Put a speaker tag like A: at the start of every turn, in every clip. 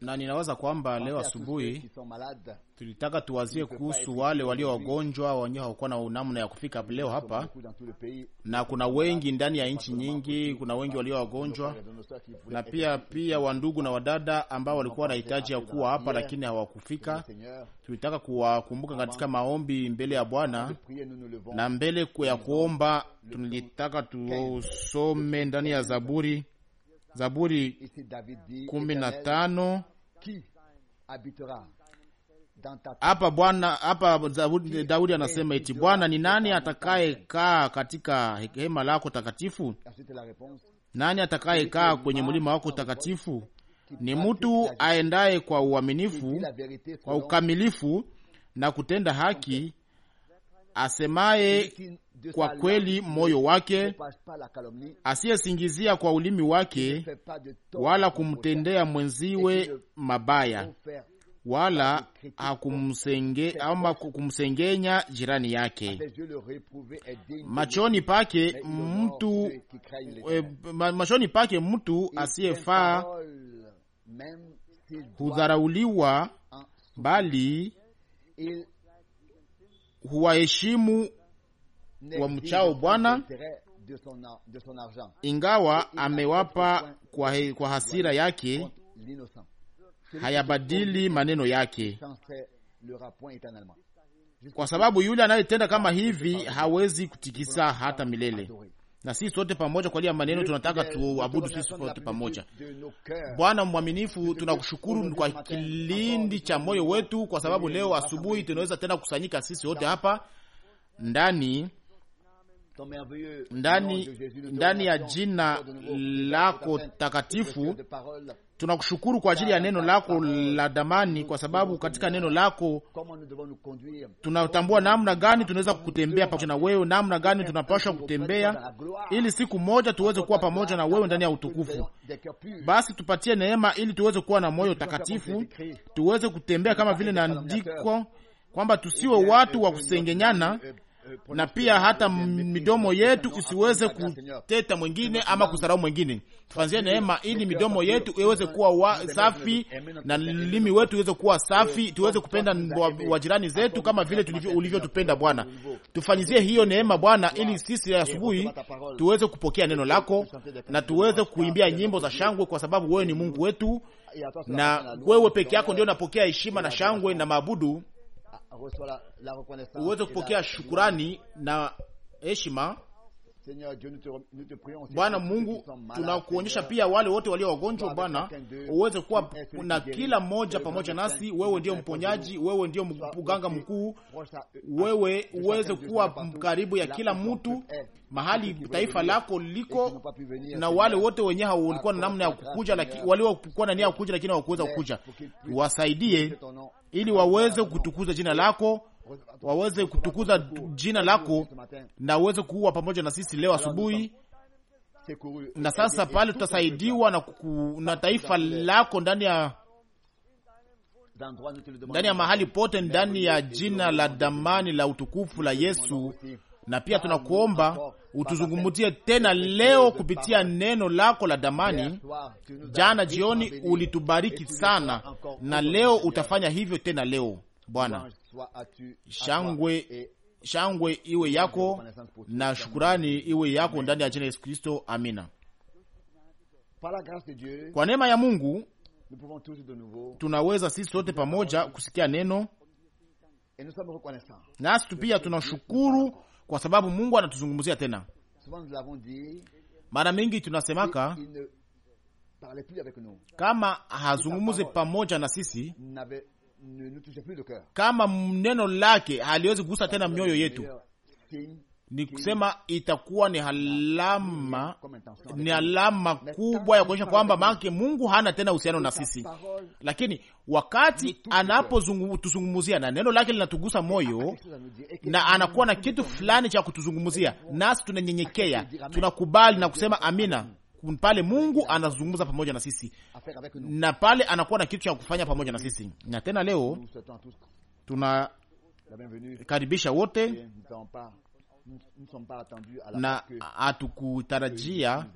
A: na ninaweza kwamba leo asubuhi tulitaka tuwazie kuhusu wale walio wagonjwa wenyewe hawakuwa na namna ya kufika leo hapa, na kuna wengi ndani ya nchi nyingi, kuna wengi walio wagonjwa na pia pia wandugu na wadada ambao walikuwa wanahitaji ya kuwa hapa, lakini hawakufika. Tulitaka kuwakumbuka katika maombi mbele ya Bwana na mbele ya kuomba, tulitaka tusome ndani ya Zaburi Zaburi kumi na tano hapa Bwana hapa Daudi anasema eti, Bwana ni nani atakayekaa katika hema lako takatifu? Nani atakayekaa kwenye mlima wako takatifu? Ni mtu aendaye kwa uaminifu, kwa ukamilifu na kutenda haki, asemaye kwa kweli moyo wake, asiyesingizia kwa ulimi wake, wala kumtendea mwenziwe mabaya, wala hakumsenge ama kumsengenya jirani yake. Eh, machoni pake mtu eh, machoni pake mtu asiyefaa hudharauliwa, bali huwaheshimu wa mchao Bwana, ingawa amewapa kwa, kwa hasira yake
B: hayabadili
A: maneno yake, kwa sababu yule anayetenda kama ah, hivi hawezi kutikisa hata milele. Na sisi sote pamoja kwa ajili ya maneno tunataka tuabudu sisi sote pamoja. Bwana mwaminifu, tunakushukuru kwa kilindi cha moyo wetu, kwa sababu leo asubuhi tunaweza tena kukusanyika sisi wote hapa ndani ndani, ndani ya jina lako takatifu. Tunakushukuru kwa ajili ya neno lako la damani, kwa sababu katika neno lako tunatambua namna gani tunaweza kukutembea pamoja na wewe, namna gani tunapashwa kutembea ili siku moja tuweze kuwa pamoja na wewe ndani ya utukufu. Basi tupatie neema ili tuweze kuwa na moyo takatifu, tuweze kutembea kama vile naandiko kwamba tusiwe eh watu wa eh, eh, kusengenyana na pia hata midomo yetu isiweze kuteta mwingine ama kusarau mwingine. Tufanzie neema ili midomo yetu iweze kuwa safi na limi wetu iweze kuwa safi, tuweze kupenda wajirani zetu kama vile ulivyotupenda Bwana. Tufanyizie hiyo neema Bwana, ili sisi asubuhi tuweze kupokea neno lako na tuweze kuimbia nyimbo za shangwe, kwa sababu wewe ni Mungu wetu na wewe peke yako ndio unapokea heshima na shangwe na maabudu
B: uweze kupokea
A: shukurani na heshima
B: Bwana Mungu, tunakuonyesha pia
A: wale wote walio wagonjwa, Bwana uweze kuwa na kila mmoja pamoja nasi. Wewe ndiyo mponyaji, wewe ndiyo mganga mkuu,
B: wewe uweze kuwa karibu ya kila mtu mahali taifa lako liko, na wale wote wenye hawalikuwa na namna ya kukuja,
A: waliokuwa na nia ya kukuja lakini hawakuweza kukuja, wasaidie ili waweze kutukuza jina lako waweze kutukuza jina lako na uweze kuwa pamoja na sisi leo asubuhi
B: na sasa pale tutasaidiwa
A: na, na taifa lako ndani ya ndani ya mahali pote ndani ya jina la damani la utukufu la Yesu. Na pia tunakuomba utuzungumzie tena leo kupitia neno lako la damani. Jana jioni ulitubariki sana, na leo utafanya hivyo tena leo Bwana, shangwe shangwe iwe yako na shukurani iwe yako ndani ya jina Yesu Kristo. Amina. Kwa neema ya Mungu tunaweza sisi sote pamoja kusikia neno, nasi pia tunashukuru kwa sababu Mungu anatuzungumzia tena. Mara mingi tunasemaka kama hazungumuze pamoja na sisi kama neno lake haliwezi kugusa tena mioyo yetu, ni kusema itakuwa ni alama, ni alama kubwa ya kuonyesha kwamba manake Mungu hana tena uhusiano na sisi, lakini wakati anapotuzungumuzia na neno lake linatugusa moyo na anakuwa na kitu fulani cha kutuzungumzia, nasi tunanyenyekea, tunakubali na kusema amina pale Mungu anazungumza pamoja na sisi na pale anakuwa na kitu cha kufanya pamoja na sisi. Na tena leo
B: tunakaribisha wote na hatukutarajia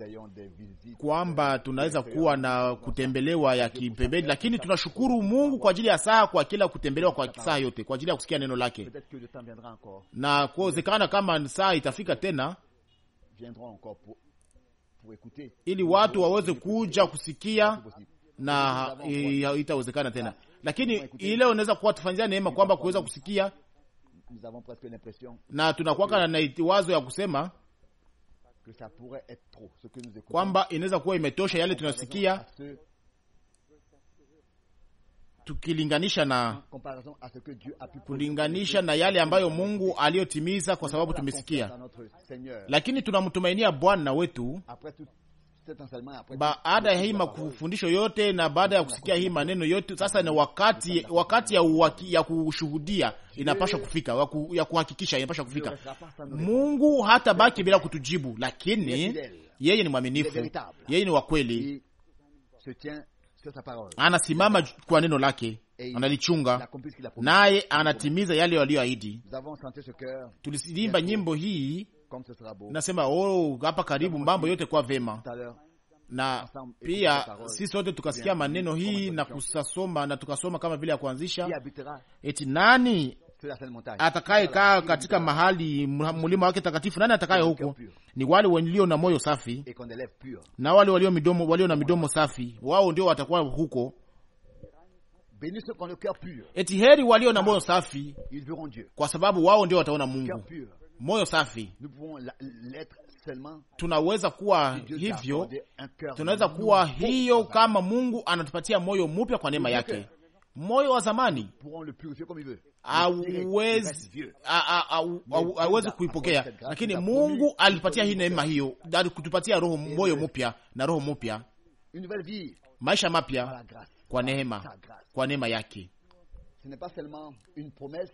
A: kwamba tunaweza kuwa na kutembelewa ya kipembeni, lakini tunashukuru Mungu kwa ajili ya saa, kwa kila kutembelewa kwa saa yote, kwa ajili ya kusikia neno lake, na kuwezekana kama saa itafika tena ili watu waweze kuja kusikia na itawezekana tena, lakini ile unaweza kuwa tufanyia neema kwamba kuweza kusikia, na tunakuwaka na wazo ya kusema kwamba inaweza kuwa imetosha yale tunasikia, tukilinganisha na kulinganisha na yale ambayo Mungu aliyotimiza, kwa sababu tumesikia. Lakini tunamtumainia Bwana wetu
B: baada ya hii
A: mafundisho yote na baada ya kusikia hii maneno yote, sasa ni wakati wakati ya, uwaki, ya kushuhudia inapasha kufika waku, ya kuhakikisha inapasha kufika. Mungu hata baki bila kutujibu, lakini yeye ni mwaminifu, yeye ni wa kweli
B: anasimama
A: kwa neno lake, analichunga naye anatimiza yale waliyoahidi. Tuliimba nyimbo hii nasema, oh, hapa karibu mambo yote kwa vema na pia sisi wote tukasikia maneno hii na kusasoma na tukasoma kama vile ya kuanzisha, eti nani atakayekaa katika mahali mlima wake takatifu. Nani atakaye huko? Ni wale walio na moyo safi na wale walio midomo, walio na midomo safi, wao ndio watakuwa huko. Eti heri walio na moyo safi, kwa sababu wao ndio wataona Mungu. Moyo safi tunaweza kuwa hivyo,
B: tunaweza kuwa
A: hiyo kama Mungu anatupatia moyo mupya kwa neema yake moyo wa zamani hawezi kuipokea, lakini Mungu alipatia hii neema hiyo, alikutupatia roho, moyo mpya na roho mpya, maisha mapya kwa neema, kwa neema yake.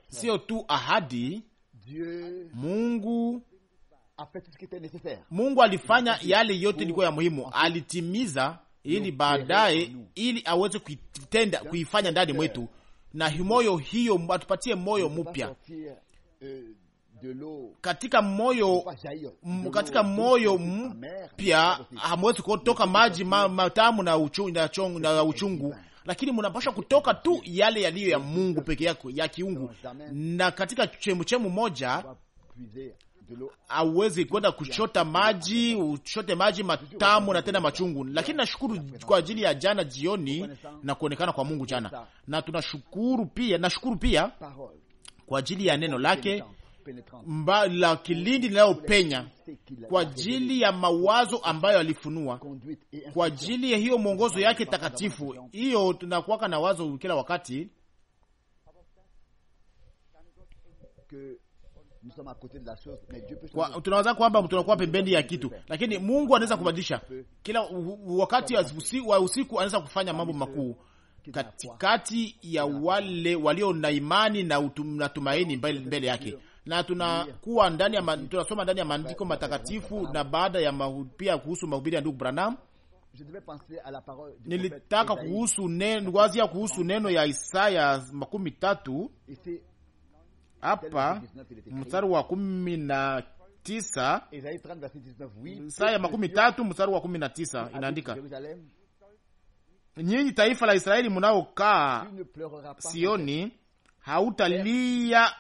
A: Sio tu ahadi, Mungu Mungu alifanya yale yote ilikuwa ya muhimu, alitimiza ili eh, baadaye, eh, ili aweze kuitenda kuifanya ndani mwetu, na moyo hiyo atupatie moyo mpya eh, katika moyo katika moyo mpya. Hamwezi kutoka maji matamu na uchungu, na uchungu, na uchungu lakini mnapasha kutoka tu yale yaliyo ya Mungu peke yako ya kiungu, na katika chemuchemu moja hauwezi kwenda kuchota maji, uchote maji matamu na tena machungu. Lakini nashukuru kwa ajili ya jana jioni na kuonekana kwa Mungu jana, na tunashukuru pia, nashukuru pia kwa ajili ya neno lake mba, la kilindi linalopenya, kwa ajili ya mawazo ambayo alifunua, kwa ajili ya hiyo mwongozo yake takatifu. Hiyo tunakuwaka na wazo kila wakati kwa, tunawaza kwamba tunakuwa pembeni ya kitu, lakini Mungu anaweza kubadilisha kila wakati wa usiku, anaweza kufanya mambo makuu katikati ya wale walio na imani na tumaini mbele yake na tunakuwa ndani ya tunasoma ndani ya maandiko matakatifu. Na baada ya pia kuhusu mahubiri ya ndugu Branham,
B: nilitaka kuhusu
A: neno, kuhusu neno ya Isaya makumi tatu hapa mstari wa kumi na tisa
B: saa ya makumi tatu mstari
A: wa kumi na tisa inaandika nyinyi taifa la Israeli munaokaa Sioni, hautalia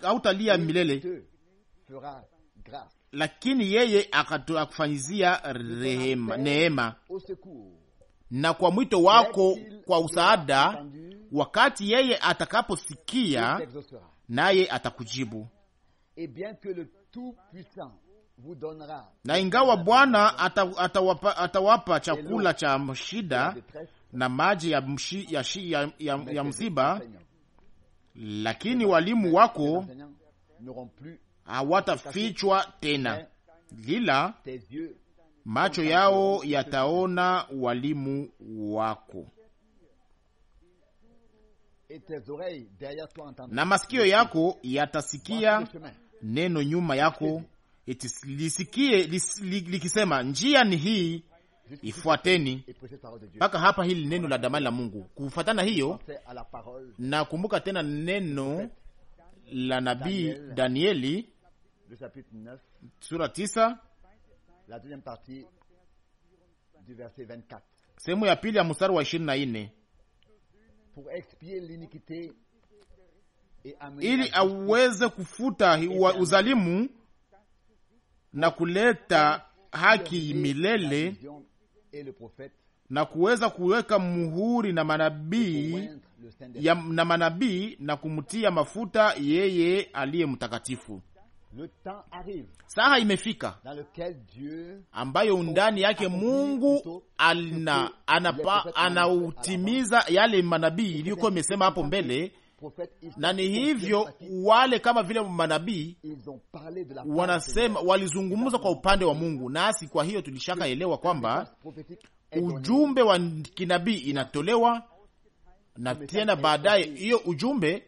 A: hautalia milele, lakini yeye akufanyizia rehema neema, na kwa mwito wako kwa usaada wakati yeye atakaposikia, naye atakujibu. Na ingawa Bwana atawapa, atawapa chakula cha mshida na maji ya, ya, ya, ya, ya msiba, lakini walimu wako hawatafichwa tena, lila macho yao yataona walimu wako na masikio yako yatasikia neno nyuma yako itis, lisikie lis, likisema njia ni hii ifuateni mpaka hapa. Hili neno la damani la Mungu kufuatana hiyo, na kumbuka tena neno la nabii Danieli sura tisa sehemu ya pili ya mstari wa ishirini na nne ili aweze kufuta uzalimu na kuleta haki milele na kuweza kuweka muhuri na manabii na manabii na kumtia mafuta yeye aliye mtakatifu. Saha imefika ambayo undani yake Mungu ana, anapa, anautimiza yale manabii iliyokuwa imesema hapo mbele, na ni hivyo wale kama vile manabii
B: wanasema,
A: walizungumza kwa upande wa Mungu, nasi kwa hiyo tulishakaelewa kwamba ujumbe wa kinabii inatolewa na tena baadaye hiyo ujumbe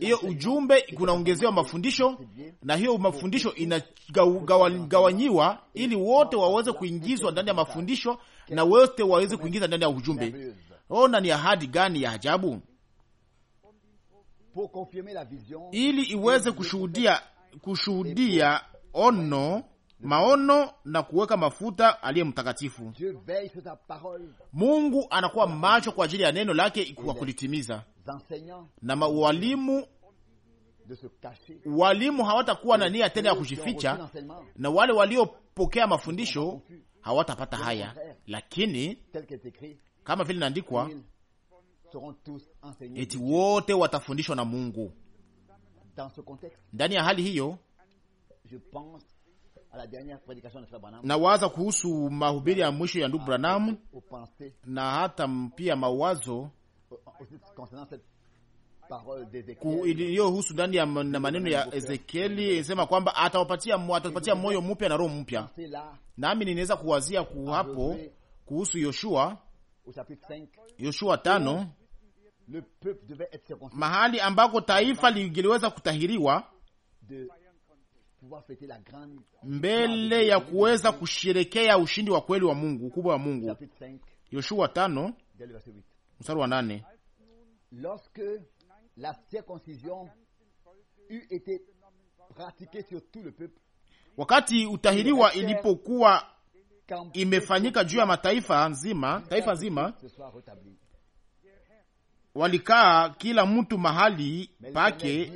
A: hiyo ujumbe kunaongezewa mafundisho, na hiyo mafundisho inagawanyiwa ili wote waweze kuingizwa ndani ya mafundisho na wote waweze kuingiza ndani ya ujumbe. Ona, oh, ni ahadi gani ya ajabu, ili iweze kushuhudia kushuhudia ono maono na kuweka mafuta aliye mtakatifu. Mungu anakuwa macho kwa ajili ya neno lake kwa kulitimiza, na walimu walimu hawatakuwa na nia tena ya kujificha, na wale waliopokea mafundisho hawatapata haya, lakini kama vile inaandikwa eti wote watafundishwa na Mungu.
B: Ndani ya hali hiyo,
A: nawaza kuhusu mahubiri ya mwisho ya ndugu ah, Branham na hata pia mawazo iliyohusu ndani ya maneno ya Ezekieli isema kwamba atawapatia atawapatia moyo mpya na roho mpya. Nami ninaweza kuwazia ah, hapo kuhusu Yoshua, Yoshua tano, mahali ambako taifa lingeliweza kutahiriwa mbele ya kuweza kusherekea ushindi wa kweli wa Mungu, ukubwa wa Mungu. Yoshua tano mstari wa nane wakati utahiriwa ilipokuwa imefanyika juu ya mataifa nzima, taifa nzima walikaa kila mtu mahali pake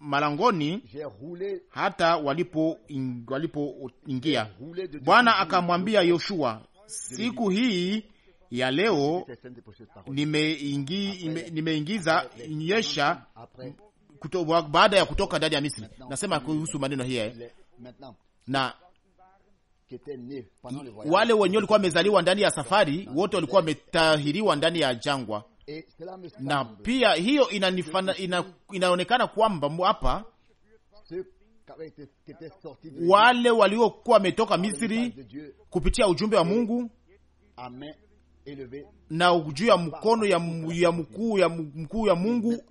A: malangoni hata walipoingia walipo. Bwana akamwambia Yoshua, siku hii ya leo nimeingi, nimeingiza nyesha baada ya kutoka ndani ya Misri. Nasema kuhusu maneno hiye na wale wenyewe walikuwa wamezaliwa ndani ya safari, wote walikuwa wametahiriwa ndani ya jangwa na pia hiyo ina, inaonekana kwamba hapa wale waliokuwa wametoka Misri kupitia ujumbe wa Mungu na juu ya mkono ya mkuu ya mkuu ya Mungu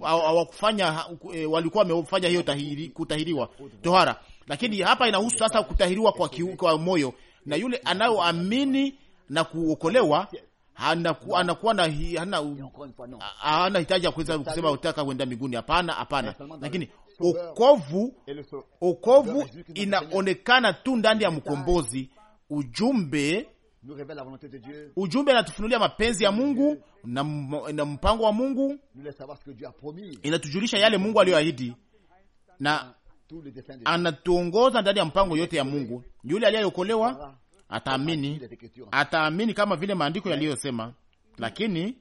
A: hawakufanya, e, walikuwa wamefanya hiyo tahiri, kutahiriwa tohara, lakini hapa inahusu sasa kutahiriwa kwa, kwa moyo na yule anayoamini na kuokolewa anakuwa anakuwa na hana hitaji ya kuweza kusema utaka kwenda mbinguni. Hapana, hapana, lakini okovu, okovu inaonekana tu ndani ya mkombozi. Ujumbe ujumbe anatufunulia mapenzi ya Mungu na, na mpango wa Mungu, inatujulisha yale Mungu aliyoahidi na anatuongoza ndani ya mpango yote ya Mungu. Yule aliyeokolewa ataamini, ataamini kama vile maandiko yaliyosema, lakini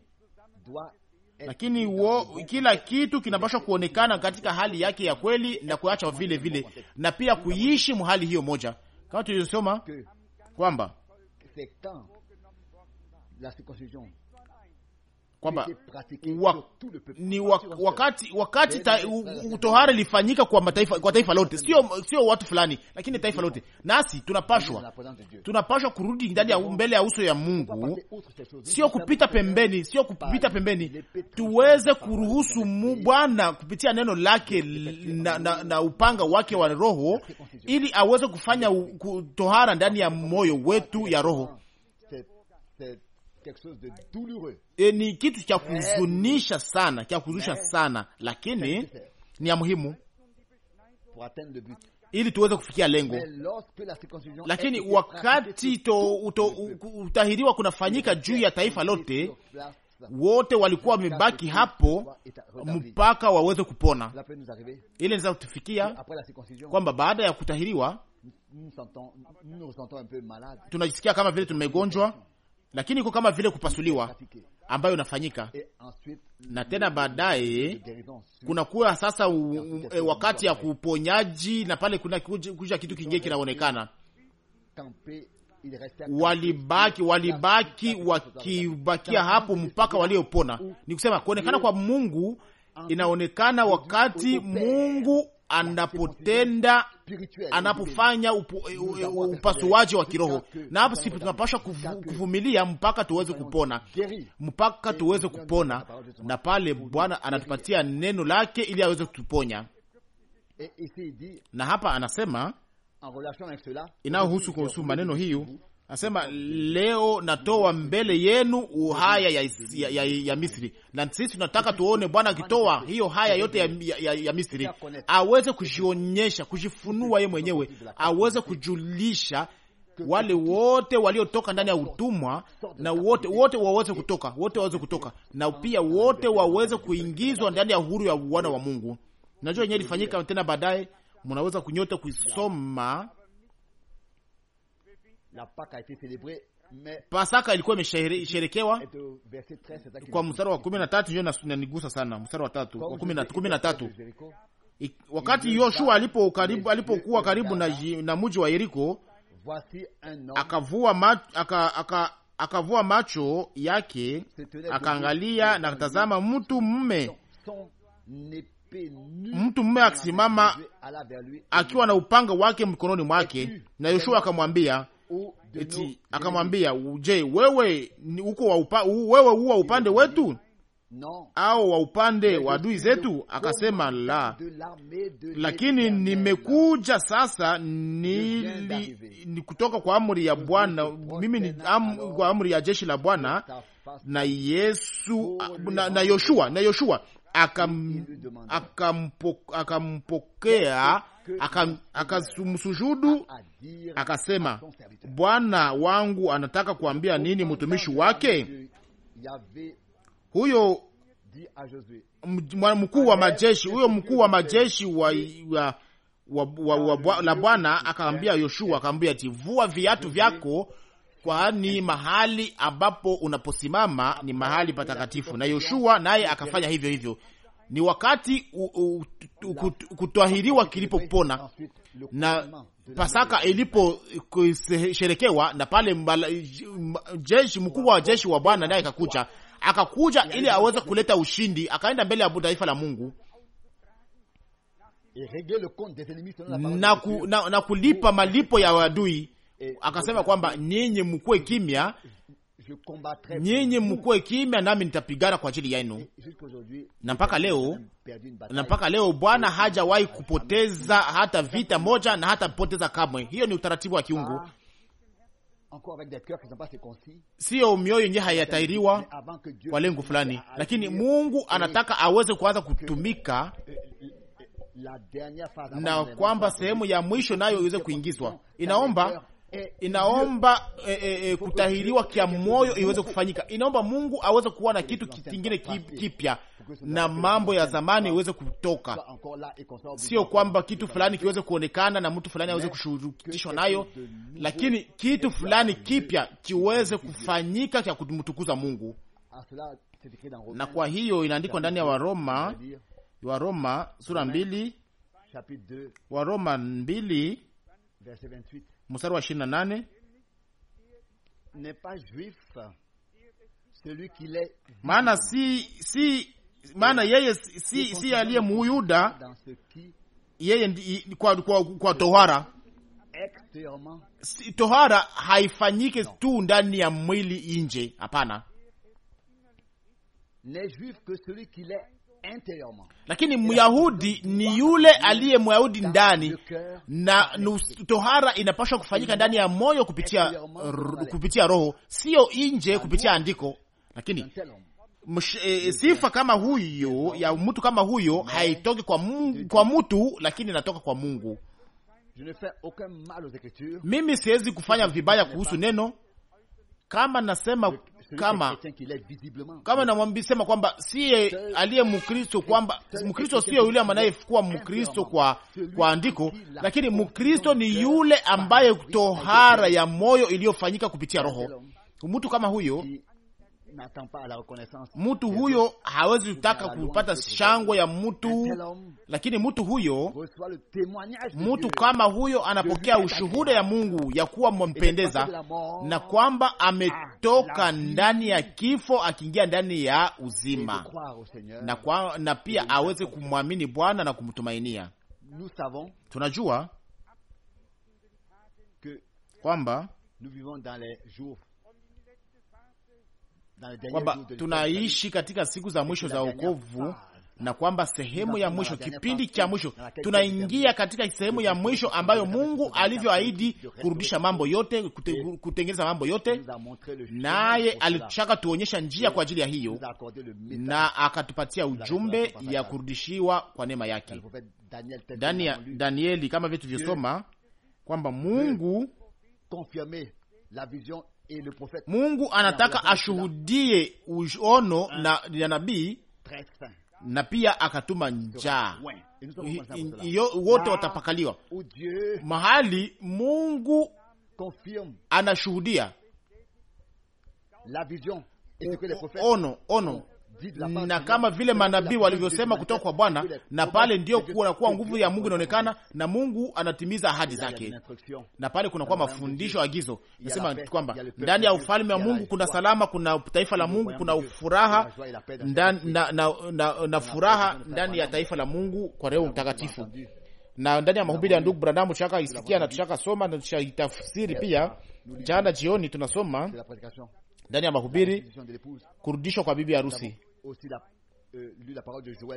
A: lakini wo, kila kitu kinapaswa kuonekana katika hali yake ya kweli na kuacha vile vile na pia kuishi mhali hiyo moja, kama tulivyosoma kwamba kwamba ni wakati wakati ta, utohara ilifanyika kwa mataifa, kwa taifa lote, sio sio watu fulani, lakini taifa lote. Nasi tunapashwa tunapashwa kurudi ndani ya mbele ya uso ya Mungu, sio kupita pembeni, sio kupita pembeni, tuweze kuruhusu Bwana kupitia neno lake na, na, na upanga wake wa Roho ili aweze kufanya tohara ndani ya moyo wetu ya roho E, ni kitu cha kuzunisha sana, cha kuzusha sana, lakini ni ya muhimu ili tuweze kufikia lengo.
B: Lakini wakati
A: to, uto, utahiriwa kunafanyika juu ya taifa lote, wote walikuwa wamebaki hapo
B: mpaka
A: waweze kupona. Ile inaweza kutufikia kwamba baada ya kutahiriwa tunajisikia kama vile tumegonjwa lakini iko kama vile kupasuliwa ambayo inafanyika na tena baadaye kunakuwa sasa u, u, e, wakati ya kuponyaji na pale kuna kuja kitu kingine kinaonekana.
B: Walibaki
A: walibaki wakibakia hapo mpaka waliopona. Ni kusema kuonekana kwa Mungu inaonekana wakati Mungu anapotenda anapofanya upasuaji wa kiroho, na hapo sisi tunapaswa kuvumilia mpaka tuweze kupona, mpaka tuweze kupona, na pale Bwana anatupatia neno lake ili aweze kutuponya. Eh, eh, na hapa anasema inayohusu kuhusu maneno hiyo Anasema leo natoa mbele yenu uhaya ya, ya, ya, ya Misri, na sisi tunataka tuone Bwana akitoa hiyo haya yote ya, ya, ya, ya Misri, aweze kujionyesha, kujifunua ye mwenyewe, aweze kujulisha wale wote waliotoka ndani ya utumwa na wote wote waweze kutoka, wote waweze kutoka, na pia wote waweze kuingizwa ndani ya uhuru ya wana wa Mungu. Najua yenyewe ilifanyika tena baadaye, mnaweza kunyota kuisoma Pasaka ilikuwa imesherekewa kwa mstari wa kumi na tatu. Ndio nanigusa sana mstari wa tatu wa kumi na tatu wakati Yoshua alipo karibu alipokuwa karibu na, na mji wa Yeriko akavua macho, aka, aka, akavua macho yake akaangalia, na tazama, mtu mume
B: mtu mume akisimama
A: akiwa na upanga wake mkononi mwake, na Yoshua akamwambia eti akamwambia, je, wewe uko wa upa, wewe huwa upande wetu au wa upande wa adui zetu? Akasema la, lakini nimekuja sasa nili ni kutoka kwa amri ya Bwana, mimi ni am, kwa amri ya jeshi la Bwana na Yesu na, na Yoshua na Yoshua akampokea akamsujudu akasema, Bwana wangu anataka kuambia nini mtumishi wake huyo? Mkuu wa majeshi huyo, mkuu wa majeshi wa, wa, wa, wa, wa, wa la Bwana akaambia Yoshua, akaambia ati vua viatu vyako, kwani mahali ambapo unaposimama ni mahali patakatifu. Na Yoshua naye akafanya hivyo hivyo, ni wakati kutwahiriwa kilipopona na Pasaka sherekewa na pale jeshi mkubwa wa jeshi wa Bwana naye akakuja, akakuja ili aweze kuleta ushindi, akaenda mbele ya taifa la Mungu na, ku, na, na kulipa malipo ya wadui. Akasema kwamba ninyi mkuwe kimya nyinyi mkuwe kimya, nami nitapigana kwa ajili yenu. Na mpaka leo, na mpaka leo Bwana hajawahi kupoteza hata vita moja, na hata poteza kamwe. Hiyo ni utaratibu wa kiungu, siyo mioyo yenye hayatairiwa kwa lengo fulani, lakini Mungu anataka aweze kuanza kutumika
B: na kwamba
A: sehemu ya mwisho nayo iweze kuingizwa. Inaomba inaomba e, e, kutahiriwa kia moyo iweze kufanyika. Inaomba Mungu aweze kuwa na kitu kingine kipya na mambo ya zamani iweze kutoka, sio kwamba kitu fulani kiweze kuonekana na mtu fulani aweze kushurutishwa nayo, lakini kitu fulani kipya kiweze kufanyika cha kumtukuza Mungu.
B: Na kwa hiyo inaandikwa ndani ya Waroma,
A: Waroma sura mbili, Waroma mbili mstari wa 28 maana si si maana yeye si si aliye Muyuda yeye kwa, kwa, kwa tohara si, tohara haifanyike tu ndani ya mwili nje, hapana lakini Myahudi ni yule aliye Myahudi ndani, na tohara inapaswa kufanyika ndani ya moyo kupitia, kupitia Roho, siyo nje kupitia andiko. Lakini msh, e, e, sifa kama huyo ya mtu kama huyo haitoki kwa, kwa mtu, lakini inatoka kwa Mungu. Mimi siwezi kufanya vibaya kuhusu neno kama nasema kama kama namwambisema kwamba siye aliye Mkristo, kwamba Mkristo sio yule anayekuwa Mkristo kwa kwa andiko, lakini Mkristo ni yule ambaye tohara ya moyo iliyofanyika kupitia Roho. Mtu kama huyo Mtu huyo hawezi kutaka kupata shangwe ya mtu, lakini mtu huyo, mtu kama huyo anapokea ushuhuda ya Mungu ya kuwa mwampendeza na kwamba ametoka ndani ya kifo akiingia ndani ya uzima, na, kwa, na pia aweze kumwamini Bwana na kumtumainia. Tunajua kwamba
B: kwamba tunaishi
A: katika siku za mwisho za wokovu na kwamba sehemu ya mwisho, kipindi cha mwisho, tunaingia katika sehemu ya mwisho ambayo Mungu alivyoahidi kurudisha mambo yote, kutengeneza mambo yote, naye alishaka tuonyesha njia kwa ajili ya hiyo, na akatupatia ujumbe ya kurudishiwa kwa neema yake. Danieli kama vitu vyosoma kwamba Mungu Mungu anataka ashuhudie uono na ya nabii na pia akatuma njaa wote watapakaliwa. Mahali Mungu anashuhudia ono ono na kama vile manabii walivyosema kutoka kwa Bwana, na pale ndio kunakuwa nguvu ya Mungu inaonekana, na Mungu anatimiza ahadi zake, na pale kunakuwa mafundisho agizo. Nasema kwamba ndani ya ufalme wa Mungu kuna salama, kuna taifa la Mungu, kuna furaha ndani, na, na, na, na furaha ndani ya taifa la Mungu kwa Roho Mtakatifu na ndani ya mahubiri ya ndugu Branham tushaka isikia na tushaka soma na tushaitafsiri pia. Jana jioni tunasoma ndani ya mahubiri kurudishwa kwa bibi harusi,
B: Euh,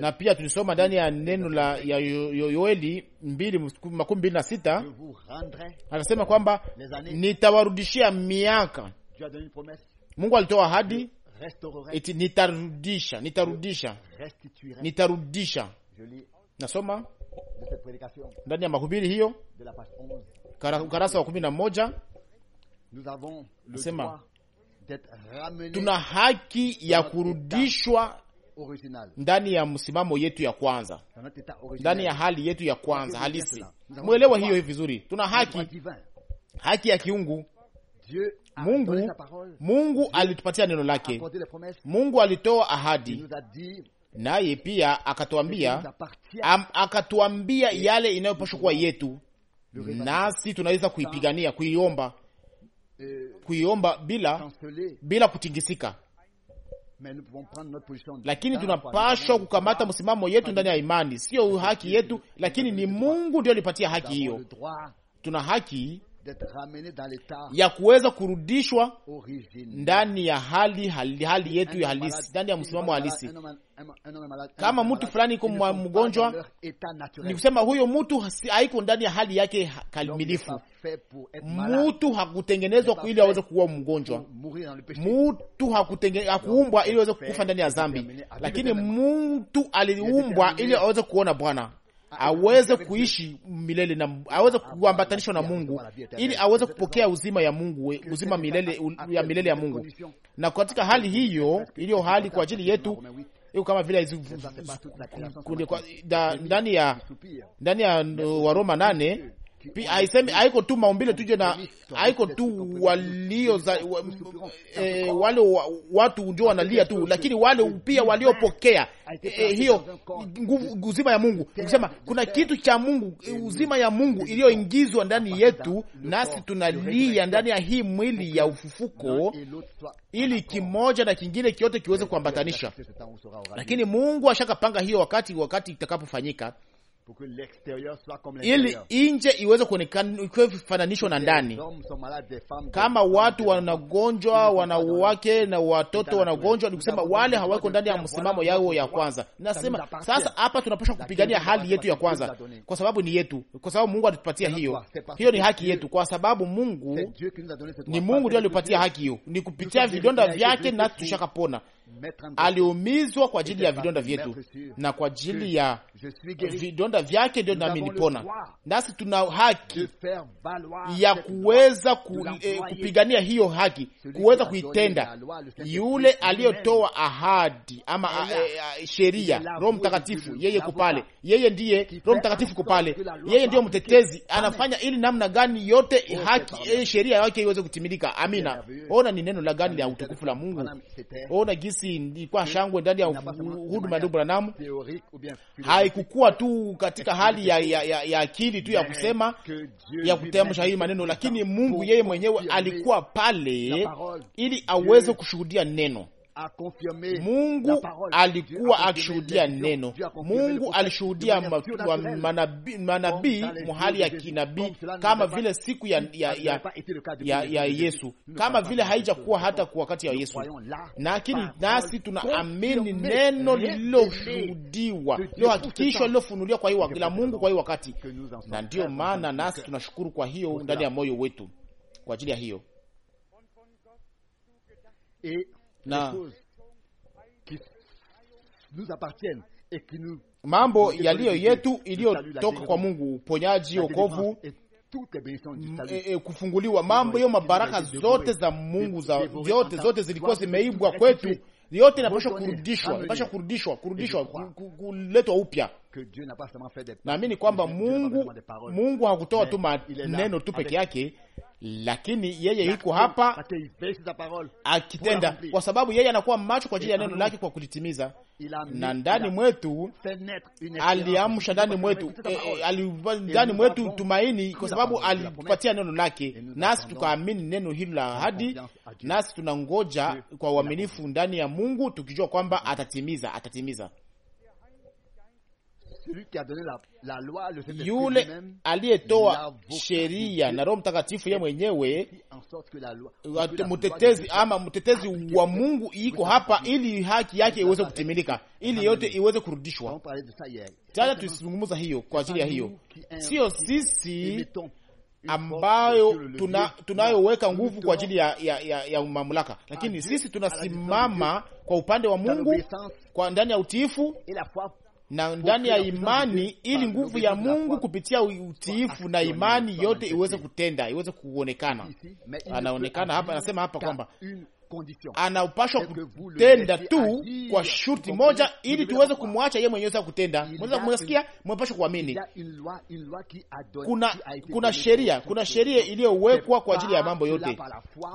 B: na pia tulisoma ndani
A: ya neno la ya Yoeli 226
B: anasema kwamba
A: nitawarudishia miaka. Mungu alitoa ahadi eti nitarudisha, nitarudisha, nitarudisha. Nasoma ndani ya mahubiri hiyo ukarasa wa kumi na moja
B: nasema tuna haki ya
A: kurudishwa ndani ya msimamo yetu ya kwanza, ndani ya hali yetu ya kwanza halisi. Mwelewa hiyo vizuri, tuna haki, haki ya kiungu. Mungu, Mungu alitupatia neno lake, Mungu alitoa ahadi naye pia akatuambia akatuambia yale inayopashwa kuwa yetu, nasi tunaweza kuipigania kuiomba kuiomba bila bila kutingisika,
B: lakini tunapashwa
A: kukamata msimamo yetu ndani ya imani. Sio haki yetu, lakini ni Mungu ndio alipatia haki hiyo. Tuna haki ya kuweza kurudishwa
B: ndani
A: ya hali, hali, hali yetu ya halisi, ndani ya msimamo halisi. Kama mtu fulani iko mgonjwa, ni kusema huyo mtu haiko ndani ya hali yake kamilifu. Mtu hakutengenezwa ili aweze kuwa mgonjwa, mtu hakuumbwa ili aweze kukufa ndani ya zambi lakini mtu aliumbwa ili aweze kuona Bwana aweze kuishi milele na aweze kuambatanishwa na Mungu ili aweze kupokea uzima ya Mungu, uzima milele, ya milele ya Mungu. Na katika hali hiyo iliyo hali kwa ajili yetu iko kama vile ndani ya ndani ya uh, Waroma nane aisemi haiko tu maumbile tuje na haiko tu walio za, wa, e, wale wa, watu ndio wanalia tu, lakini wale pia waliopokea e, hiyo nguvu uzima ya Mungu. Tukisema kuna kitu cha Mungu, uzima ya Mungu iliyoingizwa ndani yetu, nasi tunalia ndani ya hii mwili ya ufufuko, ili kimoja na kingine kiote kiweze kuambatanisha, lakini Mungu ashakapanga hiyo wakati wakati itakapofanyika ili nje iweze kufananishwa na ndani. Kama watu wanagonjwa, wanawake na watoto wanagonjwa, ni kusema wale hawako ndani ya msimamo yao ya kwanza. Nasema sasa hapa tunapasha kupigania hali yetu ya kwanza, kwa sababu ni yetu, kwa sababu Mungu alitupatia hiyo. Hiyo ni haki yetu, kwa sababu Mungu ni Mungu ndio alipatia haki hiyo, ni kupitia vidonda vyake na tushakapona
B: aliumizwa kwa ajili ya vidonda vyetu na kwa ajili
A: ya vidonda vyake ndio nami nipona. Nasi tuna haki ya kuweza ku, eh, kupigania hiyo haki, kuweza kuitenda. Yule aliyotoa ahadi ama eh, eh, eh, sheria, Roho Mtakatifu yeye kupale, yeye ndiye Roho Mtakatifu kupale, yeye ndiyo mtetezi, anafanya ili namna gani yote oh, haki eh, sheria yake iweze kutimilika. Amina. Ona ni neno la gani la utukufu la Mungu. Ona gisi jinsi ilikuwa mm. shangwe ndani ya huduma ndugu Branamu, haikukuwa tu katika hali ya, ya, ya, ya akili tu ya kusema ya kutamsha hii maneno, lakini Mungu yeye mwenyewe alikuwa pale ili aweze kushuhudia neno Mungu alikuwa akishuhudia neno. Mungu alishuhudia manabii manabii mahali ya kinabii, kama vile siku ya, ya, ya, ya, ya Yesu, kama vile haijakuwa hata kwa wakati ya Yesu. Lakini nasi tunaamini neno lililoshuhudiwa, lilohakikishwa, lilofunuliwa kwa hiyo la Mungu kwa hiyo wakati, na ndiyo maana nasi tunashukuru kwa hiyo ndani ya moyo wetu kwa ajili ya hiyo na
B: mambo yaliyo yetu iliyotoka kwa Mungu,
A: uponyaji, wokovu, e, e, kufunguliwa, mambo hiyo, mabaraka zote za Mungu za zote zote zilikuwa zimeibwa kwetu, yote inapasha kurudishwa, inapasha kurudishwa, kurudishwa, kuletwa upya. Naamini kwamba Mungu Mungu hakutoa tu maneno tu peke yake lakini yeye yuko hapa akitenda, kwa sababu yeye anakuwa macho kwa ajili ya neno lake kwa kulitimiza, na ndani mwetu eh, aliamsha ndani mwetu ndani mwetu tumaini, kwa sababu alitupatia neno lake, nasi tukaamini neno hilo la ahadi, nasi tunangoja kwa uaminifu ndani ya Mungu, tukijua kwamba atatimiza, atatimiza yule aliyetoa sheria na Roho Mtakatifu ye mwenyewe mtetezi, ama mtetezi wa Mungu iko hapa, ili haki yake iweze kutimilika, ili yote iweze kurudishwa. Tena tuzungumza hiyo kwa ajili ya hiyo, sio sisi ambayo tuna, tunayoweka nguvu kwa ajili ya, ya, ya, ya mamlaka, lakini sisi tunasimama kwa upande wa Mungu kwa ndani ya utiifu na ndani ya imani, ili nguvu ya Mungu kupitia utiifu na imani yote iweze kutenda, iweze kuonekana. Anaonekana hapa, anasema hapa kwamba anapashwa kutenda tu kwa shurti moja, ili tuweze kumwacha yeye mwenyewe kutenda. Mweza kumsikia, mwepashwa kuamini.
B: Kuna kuna sheria, kuna sheria iliyowekwa kwa ajili ya mambo yote,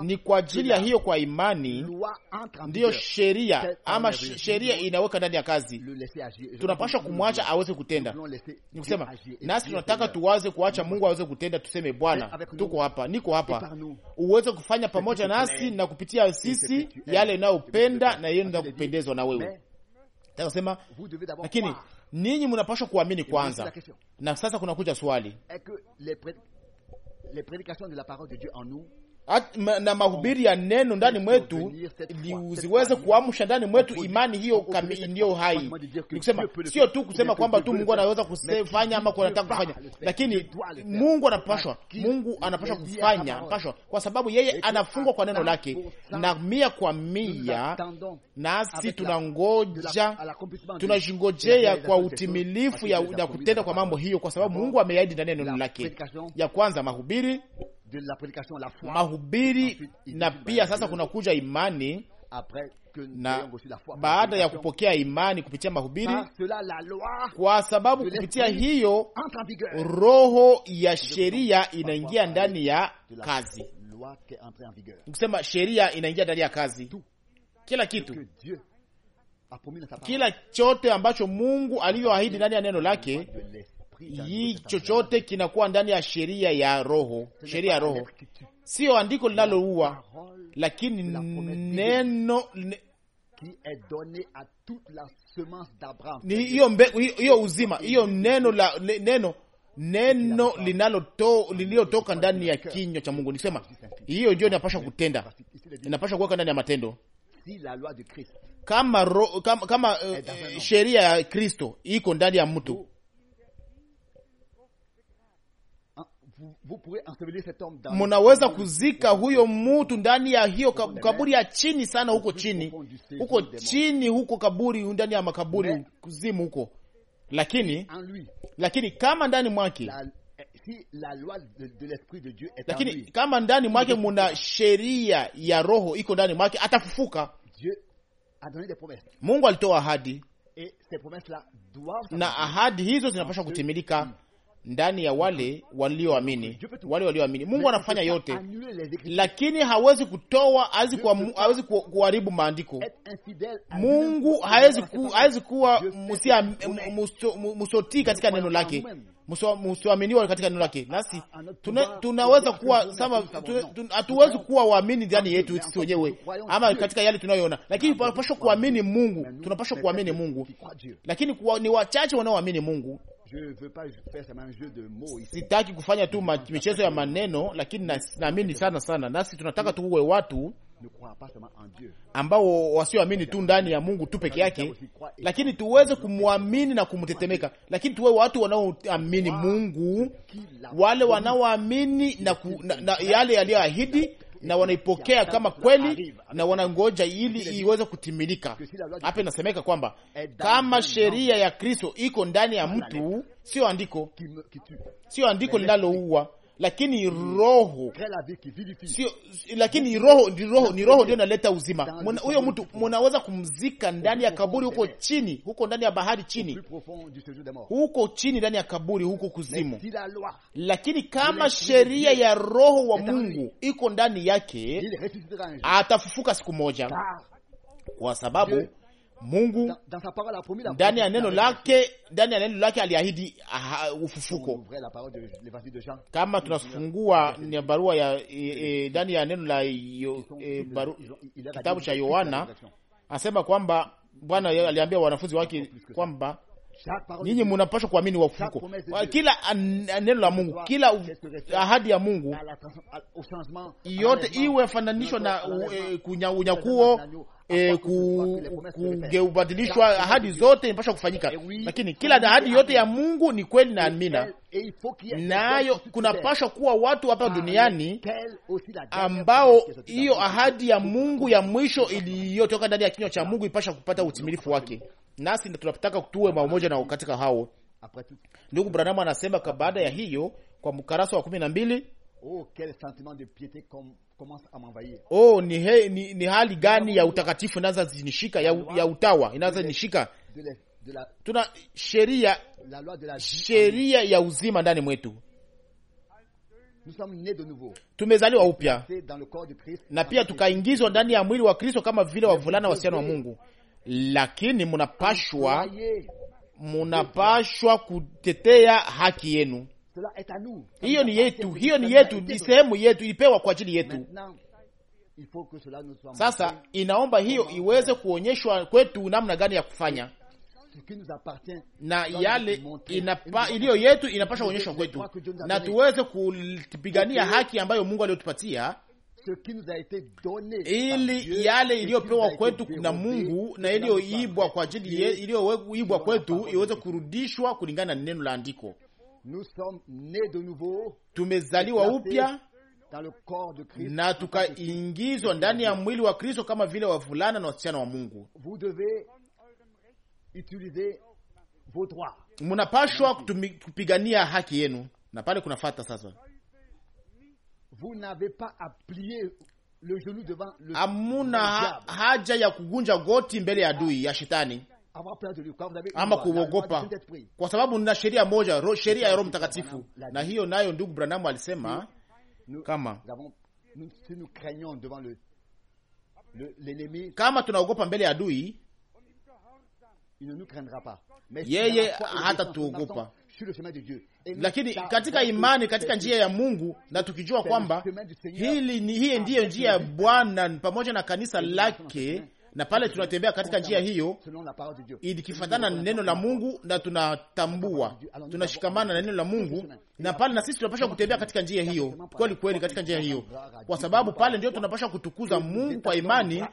A: ni kwa ajili ya hiyo. Kwa imani
B: ndiyo sheria ama sheria
A: inaweka ndani ya kazi, tunapashwa kumwacha aweze kutenda. kusema nasi tunataka tuwaze kuacha Mungu aweze kutenda, tuseme Bwana, tuko hapa, niko hapa, uweze kufanya pamoja nasi na kupitia sisi yale inayopenda na yeye ndio kupendezwa na wewe. Tasema, lakini ninyi mnapashwa kuamini kwanza. Na sasa kunakuja swali na mahubiri ya neno ndani mwetu ziweze kuamsha ndani mwetu imani hiyo iliyo hai. Nikusema sio tu kusema kwamba tu Mungu anaweza kufanya ama anataka kufanya, lakini Mungu anapashwa, Mungu anapashwa kufanya, anapashwa kwa sababu yeye anafungwa kwa neno lake, na mia kwa mia nasi tunangoja,
B: tunajingojea kwa
A: utimilifu ya, kutenda kwa mambo hiyo, kwa sababu Mungu ameahidi ndani ya neno lake. Ya kwanza mahubiri mahubiri na pia sasa kunakuja imani na baada ya kupokea imani kupitia mahubiri, kwa sababu kupitia hiyo roho ya sheria inaingia ndani ya kazi, kusema sheria inaingia ndani ya kazi, kila kitu, kila chote ambacho Mungu aliyoahidi ndani ya neno lake hii chochote kinakuwa ndani ya sheria ya roho, sheria ya roho. Sio andiko linaloua, lakini neno ni hiyo hiyo uzima, hiyo neno la neno neno lililotoka ndani ya kinywa cha Mungu. Nisema hiyo ndio inapasha kutenda, inapasha kuweka ndani ya matendo kama, ro, kama, kama uh, sheria ya Kristo iko ndani ya mtu munaweza kuzika huyo mutu ndani ya hiyo kaburi ya chini sana, huko chini, huko chini, huko kaburi, ndani ya makaburi kuzimu huko, lakini lakini kama ndani mwake lakini kama ndani mwake muna sheria ya roho iko ndani mwake atafufuka. Mungu alitoa ahadi na ahadi hizo zinapaswa kutimilika ndani ya wale walioamini, wale walioamini. Mungu anafanya yote, lakini hawezi kutoa, hawezi kuharibu maandiko. Mungu hawezi ku, hawezi kuwa msotii katika neno lake, msioaminiwa katika neno lake. Nasi tuna, tunaweza kuwa sama, hatuwezi kuwa waamini ndani yetu sisi wenyewe ama katika yale tunayoona, lakini tunapashwa kuamini Mungu, tunapashwa kuamini Mungu, lakini ni wachache wanaoamini Mungu sitaki kufanya tu michezo ya maneno, lakini naamini sana sana, nasi tunataka tuwe watu ambao wasioamini tu ndani ya Mungu tu peke yake, lakini tuweze kumwamini na kumtetemeka, lakini tuwe watu wanaoamini Mungu, wale wanaoamini na, na, na yale yaliyoahidi na wanaipokea kama kweli na wanangoja ili iweze kutimilika. Hapa inasemeka kwamba kama sheria ya Kristo iko ndani ya mtu, sio andiko, sio andiko linaloua lakini roho sio, lakini roho ni roho, ni roho ndio inaleta uzima. Huyo mtu mnaweza kumzika ndani ya kaburi, huko chini, huko ndani ya bahari, chini huko chini, ndani ya kaburi, huko kuzimu. Lakini kama sheria ya roho wa Mungu iko ndani yake, atafufuka siku moja, kwa sababu Mungu ndani ya neno lake, ndani ya neno lake aliahidi ufufuko. Kama tunafungua ni barua ya e, e, ndani e, ya neno la yo, e, baru, kitabu cha Yohana, anasema kwamba Bwana aliambia wanafunzi wake kwamba Ninyi munapashwa kuamini wafuko, kila neno la Mungu, kila ahadi ya Mungu yote iwe afananishwa na eh, unyakuo E, kugeubadilishwa eh, ku, ahadi zote inapasha kufanyika, eh lakini kila ahadi yote ya Mungu ni kweli na amina,
B: nayo kunapashwa
A: kuwa watu hapa duniani ambao hiyo ahadi ya Mungu ya mwisho iliyotoka ndani ya kinywa cha Mungu ipasha kupata utimilifu wake nasi tunataka tuwe maumoja na katika hao. Ndugu Branham anasema ka baada ya hiyo kwa mkarasa wa kumi na mbili oh, oh ni, he, ni, ni hali gani ya utakatifu inaanza zinishika ya, ya utawa inaanza nishika la, tuna sheria sheria ya uzima ndani mwetu. Tumezaliwa upya na pia tukaingizwa ndani ya mwili wa Kristo kama vile wavulana wasichana wa Mungu lakini munapashwa munapashwa kutetea haki yenu. Hiyo ni yetu, hiyo ni yetu, ni sehemu yetu, ilipewa kwa ajili yetu. Sasa inaomba hiyo iweze kuonyeshwa kwetu namna gani ya kufanya na yale iliyo yetu inapasha kuonyeshwa kwetu, na tuweze kupigania haki ambayo Mungu aliyotupatia ili yale iliyopewa kwetu na Mungu na iliyoibwa kwa ajili iliyoibwa kwetu iweze kurudishwa kulingana na neno la andiko. Tumezaliwa upya na tukaingizwa ndani ya mwili wa Kristo kama vile wavulana na wasichana wa Mungu. Munapashwa kupigania haki yenu, na pale kunafata sasa
B: amuna
A: haja ya kugunja goti mbele ya adui ya shetani
B: ama kuogopa,
A: kwa sababu na sheria moja, sheria ya Roho Mtakatifu. Na hiyo nayo ndugu Branamu alisema kama kama tunaogopa mbele ya adui,
B: yeye tuogopa lakini katika imani, katika njia ya
A: Mungu, na tukijua kwamba hili ni hiye ndiyo njia ya Bwana pamoja na kanisa lake, na pale tunatembea katika njia hiyo ikifatana na neno la Mungu, na tunatambua tunashikamana na neno la Mungu, na pale na sisi tunapasha kutembea katika njia hiyo kweli kweli, katika njia hiyo, kwa sababu pale ndio tunapasha kutukuza Mungu kwa imani,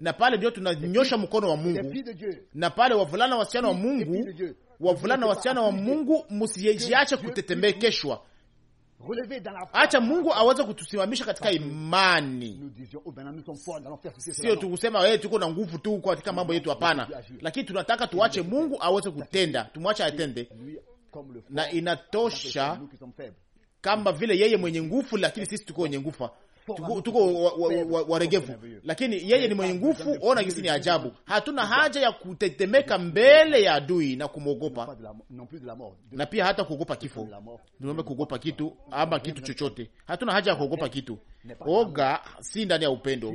A: na pale ndio tunanyosha mkono wa Mungu, na pale wavulana wasichana wa Mungu wavulana wasichana wa Mungu, msijiache kutetemekeshwa. Acha Mungu aweze kutusimamisha katika imani, sio tukusema hey, eh, tuko na nguvu tu katika mambo yetu. Hapana, lakini tunataka tuache Mungu aweze kutenda, tumwache atende, na inatosha kama vile yeye mwenye nguvu, lakini sisi tuko wenye nguvu tuko, waregevu wa, wa, wa lakini yeye ni mwenye nguvu. Ona gisi ni ajabu, hatuna haja ya kutetemeka mbele ya adui na kumwogopa, na pia hata kuogopa kifo, niombe kuogopa kitu ama kitu chochote. Hatuna haja ya kuogopa kitu. Oga si ndani ya upendo,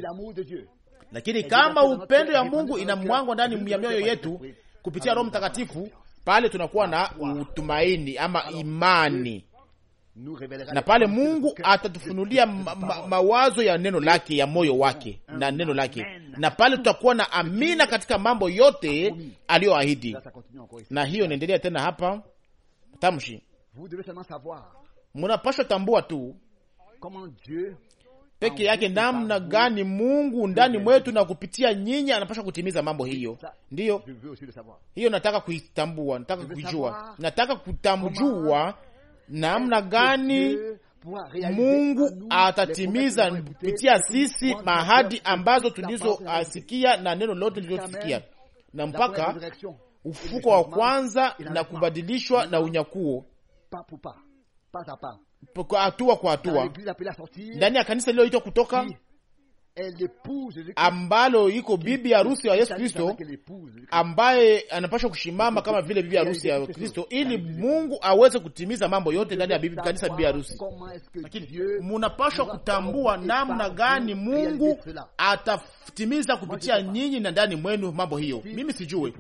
A: lakini kama upendo ya Mungu inamwangwa ndani ya mioyo yetu kupitia Roho Mtakatifu, pale tunakuwa na utumaini ama imani na pale Mungu atatufunulia ma ma mawazo ya neno lake ya moyo wake na neno lake, na pale tutakuwa na amina katika mambo yote aliyoahidi. Na hiyo inaendelea tena hapa tamshi, munapasha tambua tu peke yake namna gani Mungu ndani mwetu na kupitia nyinyi anapasha kutimiza mambo hiyo. Ndiyo hiyo nataka kuitambua, nataka kujua, nataka kutamjua namna gani Mungu atatimiza kupitia sisi mahadi ambazo tulizoasikia na neno lote lilizosikia na mpaka ufuko wa kwanza na kubadilishwa na unyakuo hatua kwa hatua ndani ya kanisa lililoitwa kutoka ambalo iko bibi harusi ya Yesu Kristo ambaye anapaswa kushimama kama vile bibi harusi ya Kristo ili Mungu aweze kutimiza mambo yote ndani ya bibi kanisa bibi harusi. Lakini munapashwa kutambua namna gani Mungu atatimiza kupitia nyinyi na ndani mwenu mambo hiyo. Mimi sijue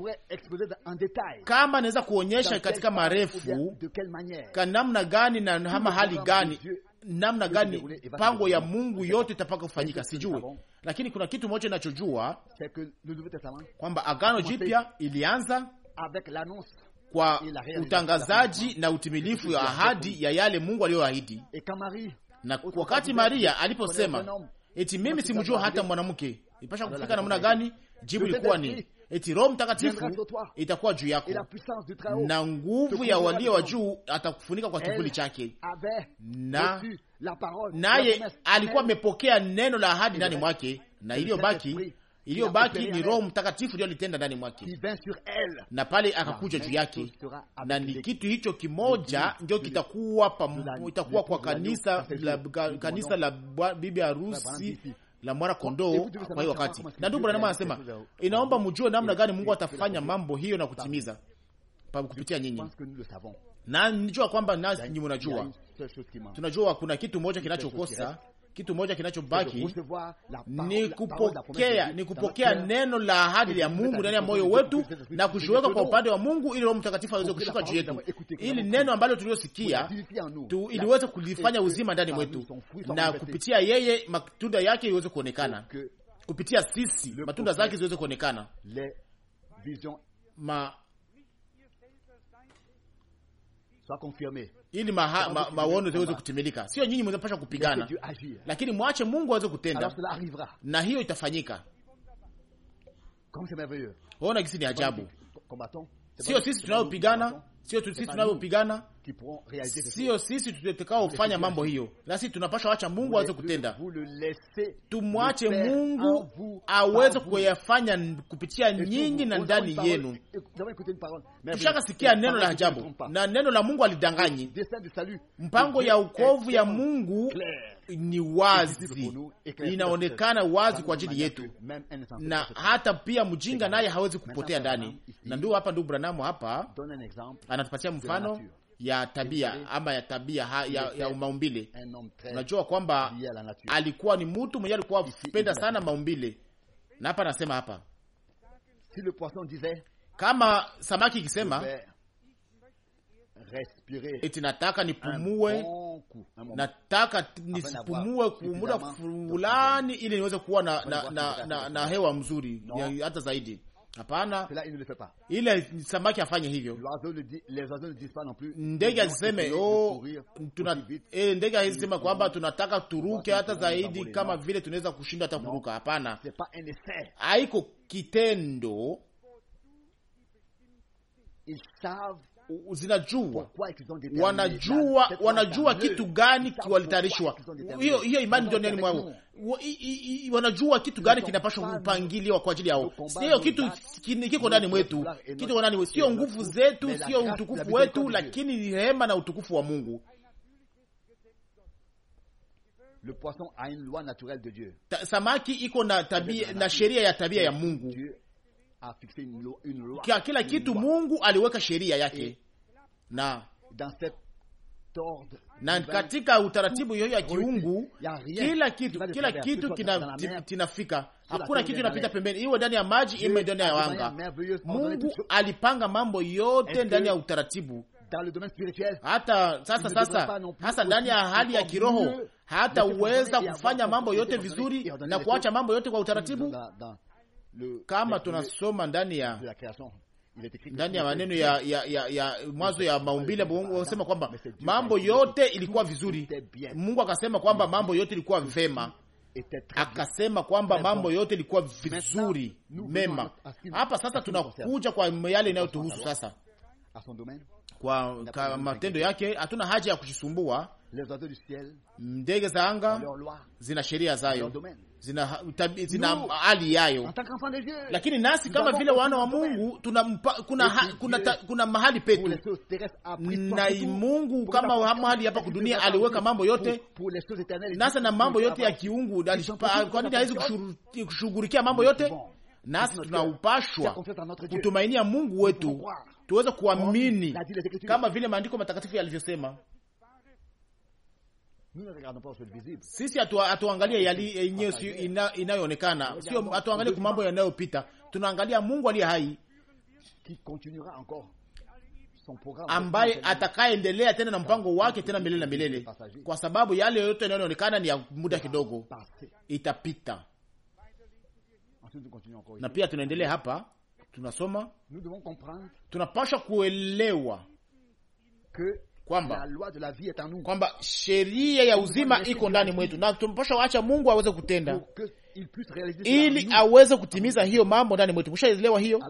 A: kama naweza kuonyesha katika marefu ka namna gani na hama hali gani namna gani pango ya Mungu yote itapaka kufanyika sijui, lakini kuna kitu moja inachojua kwamba agano jipya ilianza kwa utangazaji na utimilifu ya ahadi ya yale Mungu aliyoahidi. Na wakati Maria aliposema eti mimi simjua hata mwanamke, ipasha ah, kufika namna gani? Jibu ilikuwa ni eti Roho Mtakatifu itakuwa juu yako
B: na nguvu ya walio wa juu
A: atakufunika kwa kivuli chake, na naye alikuwa amepokea neno la ahadi ndani mwake, na iliyobaki iliyobaki ni Roho Mtakatifu ndio alitenda ndani mwake, na pale akakuja juu yake, na ni kitu hicho kimoja ndio kitakuwa itakuwa kwa kanisa la kanisa la bibi harusi la mwana kondoo kwa hiyo wakati. Na ndugu Branham anasema inaomba mjue namna gani Mungu atafanya mambo hiyo na kutimiza pa kupitia nyinyi, na nijua kwamba nanyi yaani, mnajua, yaani, tunajua kuna kitu moja kinachokosa kitu moja kinachobaki ni kupokea, ni kupokea neno la ahadi ya Mungu ndani ya moyo wetu na kushuweka kwa upande wa Mungu, ili Roho Mtakatifu aweze kushuka juu yetu, ili neno ambalo tuliosikia tu iliweze kulifanya uzima ndani mwetu, na kupitia yeye matunda yake iweze kuonekana, kupitia sisi matunda zake ziweze kuonekana ma ili maha, ma, maono ziweze kutimilika. Sio nyinyi mwezapasha kupigana, lakini mwache Mungu aweze kutenda, na hiyo itafanyika. Ona gisi ni ajabu, sio sisi tunayopigana, sio sisi tunayopigana sio sisi tutakaofanya mambo hiyo, nasi tunapasha wacha Mungu aweze kutenda. Tumwache Mungu aweze kuyafanya kupitia nyinyi na ndani yenu. sikia neno la ajabu, na neno la Mungu alidanganyi. Mpango ya ukovu ya Mungu ni wazi, inaonekana wazi kwa ajili yetu, na hata pia mjinga naye hawezi kupotea ndani. Na ndio hapa ndugu Branamu hapa anatupatia mfano ya tabia ama ya tabia ha, ya, ya maumbile. Unajua kwamba alikuwa ni mtu mwenye alikuwa penda sana maumbile, na hapa nasema hapa kama samaki ikisema eti nataka nipumue, nataka nisipumue kwa muda fulani, ili niweze kuwa na, na, na, na, na hewa mzuri hata zaidi Hapana, ile samaki afanye hivyo, ndege aziseme oh, eh, ndege azisema kwamba tunataka turuke hata zaidi, kama vile tunaweza kushinda hata kuruka. Hapana, haiko kitendo zinajua wanajua wanajua kitu gani walitayarishwa. Hiyo hiyo imani ndio ndani mwao, wanajua kitu gani kinapaswa kupangiliwa kwa ajili yao. Sio kitu kiko ndani mwetu, kitu ndani, sio nguvu zetu, sio utukufu wetu, lakini ni rehema na utukufu wa Mungu. Le poisson a une loi naturelle de Dieu. samaki iko na tabia na sheria ya tabia ya Mungu. Dieu kwa kila kitu Mungu aliweka sheria yake na
B: na katika
A: utaratibu yoyo ya kiungu kila kitu kila kitu kinafika, hakuna kitu inapita pembeni, iwe ndani ya maji iwe ndani ya wanga. Mungu alipanga mambo yote ndani ya utaratibu. Hata sasa sasa, hasa ndani ya hali ya kiroho, hata uweza kufanya mambo yote vizuri na kuacha mambo yote kwa utaratibu kama tunasoma ndani ya ndani ya maneno ya, ya, ya, ya mwanzo ya maumbile, wanasema kwamba mambo yote ilikuwa vizuri. Mungu akasema kwamba mambo yote ilikuwa vema, akasema kwamba mambo yote ilikuwa vizuri mema. Hapa sasa tunakuja kwa yale inayotuhusu sasa, kwa, matendo yake. Hatuna haja ya kujisumbua. Ndege za anga zina sheria zayo zina, zina no, hali yayo, lakini nasi kama vile wana wa Mungu tuna mpa, kuna, ha, kuna, ta, kuna mahali petu na Mungu kama mahali hapa kudunia aliweka mambo yote
B: nasa na mambo yote ya
A: kiungu. Kwa nini hawezi kushughulikia mambo yote? Nasi tunaupashwa kutumainia Mungu wetu tuweze kuamini kama vile maandiko matakatifu yalivyosema. Sisi hatuangalie yali eh, yenyewe ina, inayoonekana sio, hatuangalie mambo yanayopita, tunaangalia Mungu aliye hai ambaye atakayeendelea tena na mpango wake tena milele na milele, kwa sababu yale yote yanayoonekana ni ya muda kidogo, itapita. Na pia tunaendelea hapa, tunasoma tunapasha kuelewa kwamba kwamba sheria ya uzima iko ndani mwetu na tumpasha waacha Mungu aweze kutenda ili aweze kutimiza hiyo mambo ndani mwetu. Mshaelewa hiyo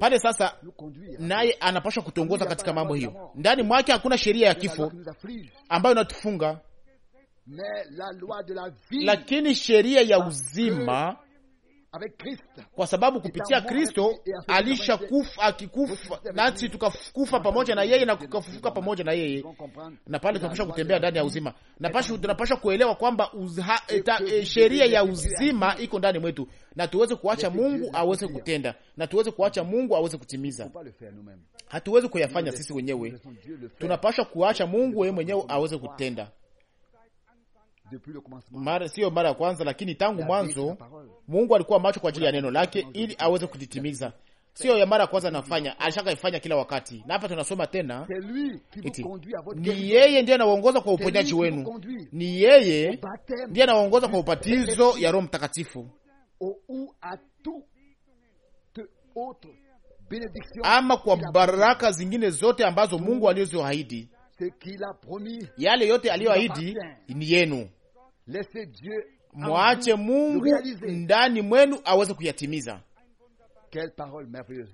B: pale sasa, naye
A: anapashwa kutongoza katika mambo hiyo. Ndani mwake hakuna sheria ya kifo ambayo inatufunga, lakini sheria ya uzima kwa sababu kupitia Kristo alishakufa akikufa, nasi tukakufa pamoja na yeye na tukafufuka pamoja na yeye, na pale tunapasha kutembea ndani ya uzima. Tunapasha kuelewa kwamba eh, eh, sheria ya uzima iko ndani mwetu, na tuweze kuacha Mungu aweze kutenda, na tuweze kuacha Mungu aweze kutimiza. Hatuwezi kuyafanya sisi wenyewe, tunapasha kuacha Mungu yeye mwenyewe aweze kutenda mara, sio mara ya kwanza, lakini tangu mwanzo Mungu alikuwa macho kwa ajili ya neno lake ili aweze kulitimiza. Sio ya mara ya kwanza anafanya, alishaka ifanya kila wakati. Na hapa tunasoma tena iti, ni yeye ndiye anaongoza kwa uponyaji wenu, ni yeye ndiye anaongoza kwa upatizo ya Roho Mtakatifu ama kwa baraka zingine zote ambazo Mungu alizoahidi. Yale yote aliyoahidi ni yenu mwache Mungu ndani mwenu aweze kuyatimiza.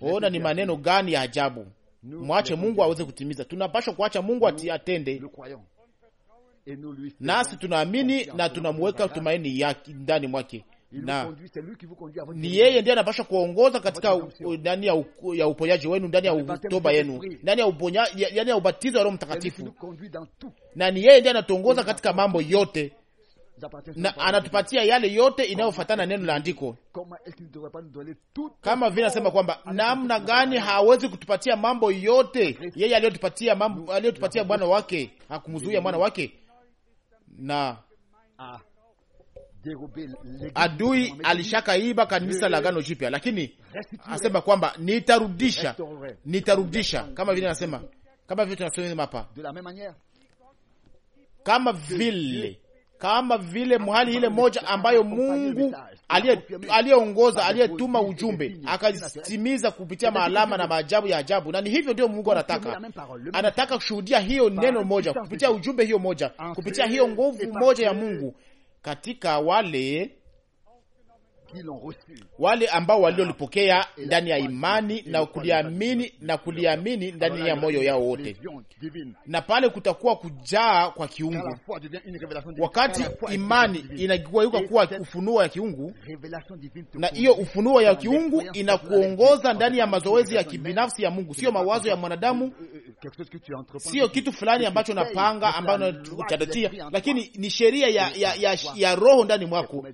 B: Ona, ni maneno
A: gani ya ajabu! Mwache Mungu aweze kutimiza. Tunapashwa kuacha Mungu atende, nasi tunaamini na tunamuweka tumaini yake ndani mwake na ni yeye ndiye anapasha kuongoza katika ndani ya, ya uponyaji wenu ndani ya utoba yenu ndani ya ya, ya ubatizo wa Roho Mtakatifu, na ni yeye ndiye anatuongoza katika mambo yote na anatupatia yale yote inayofuatana neno la andiko, kama vile anasema kwamba namna gani hawezi kutupatia mambo yote yeye aliyotupatia mambo aliyotupatia mwana wake, hakumzuia mwana wake na
B: ah, adui alishaka iba kanisa la gano
A: Jipya, lakini asema kwamba nitarudisha, nitarudisha, kama vile anasema, kama vile tunasema hapa, kama vile kama vile mhali ile moja ambayo Mungu aliyeongoza aliyetuma ujumbe akazitimiza kupitia maalama na maajabu ya ajabu. Na ni hivyo ndio Mungu anataka, anataka kushuhudia hiyo neno moja kupitia ujumbe hiyo moja kupitia hiyo nguvu moja ya Mungu katika wale wale ambao waliolipokea ndani ya imani na kuliamini na kuliamini ndani ya moyo yao wote, na pale kutakuwa kujaa kwa kiungu. Wakati imani inageuka kuwa ufunuo ya kiungu, na hiyo ufunuo ya kiungu inakuongoza ndani ya mazoezi ya kibinafsi ya Mungu, sio mawazo ya mwanadamu, euh, euh, sio kitu fulani ambacho unapanga ambayo utadatia, lakini ni sheria ya, ya, ya, ya roho ndani mwako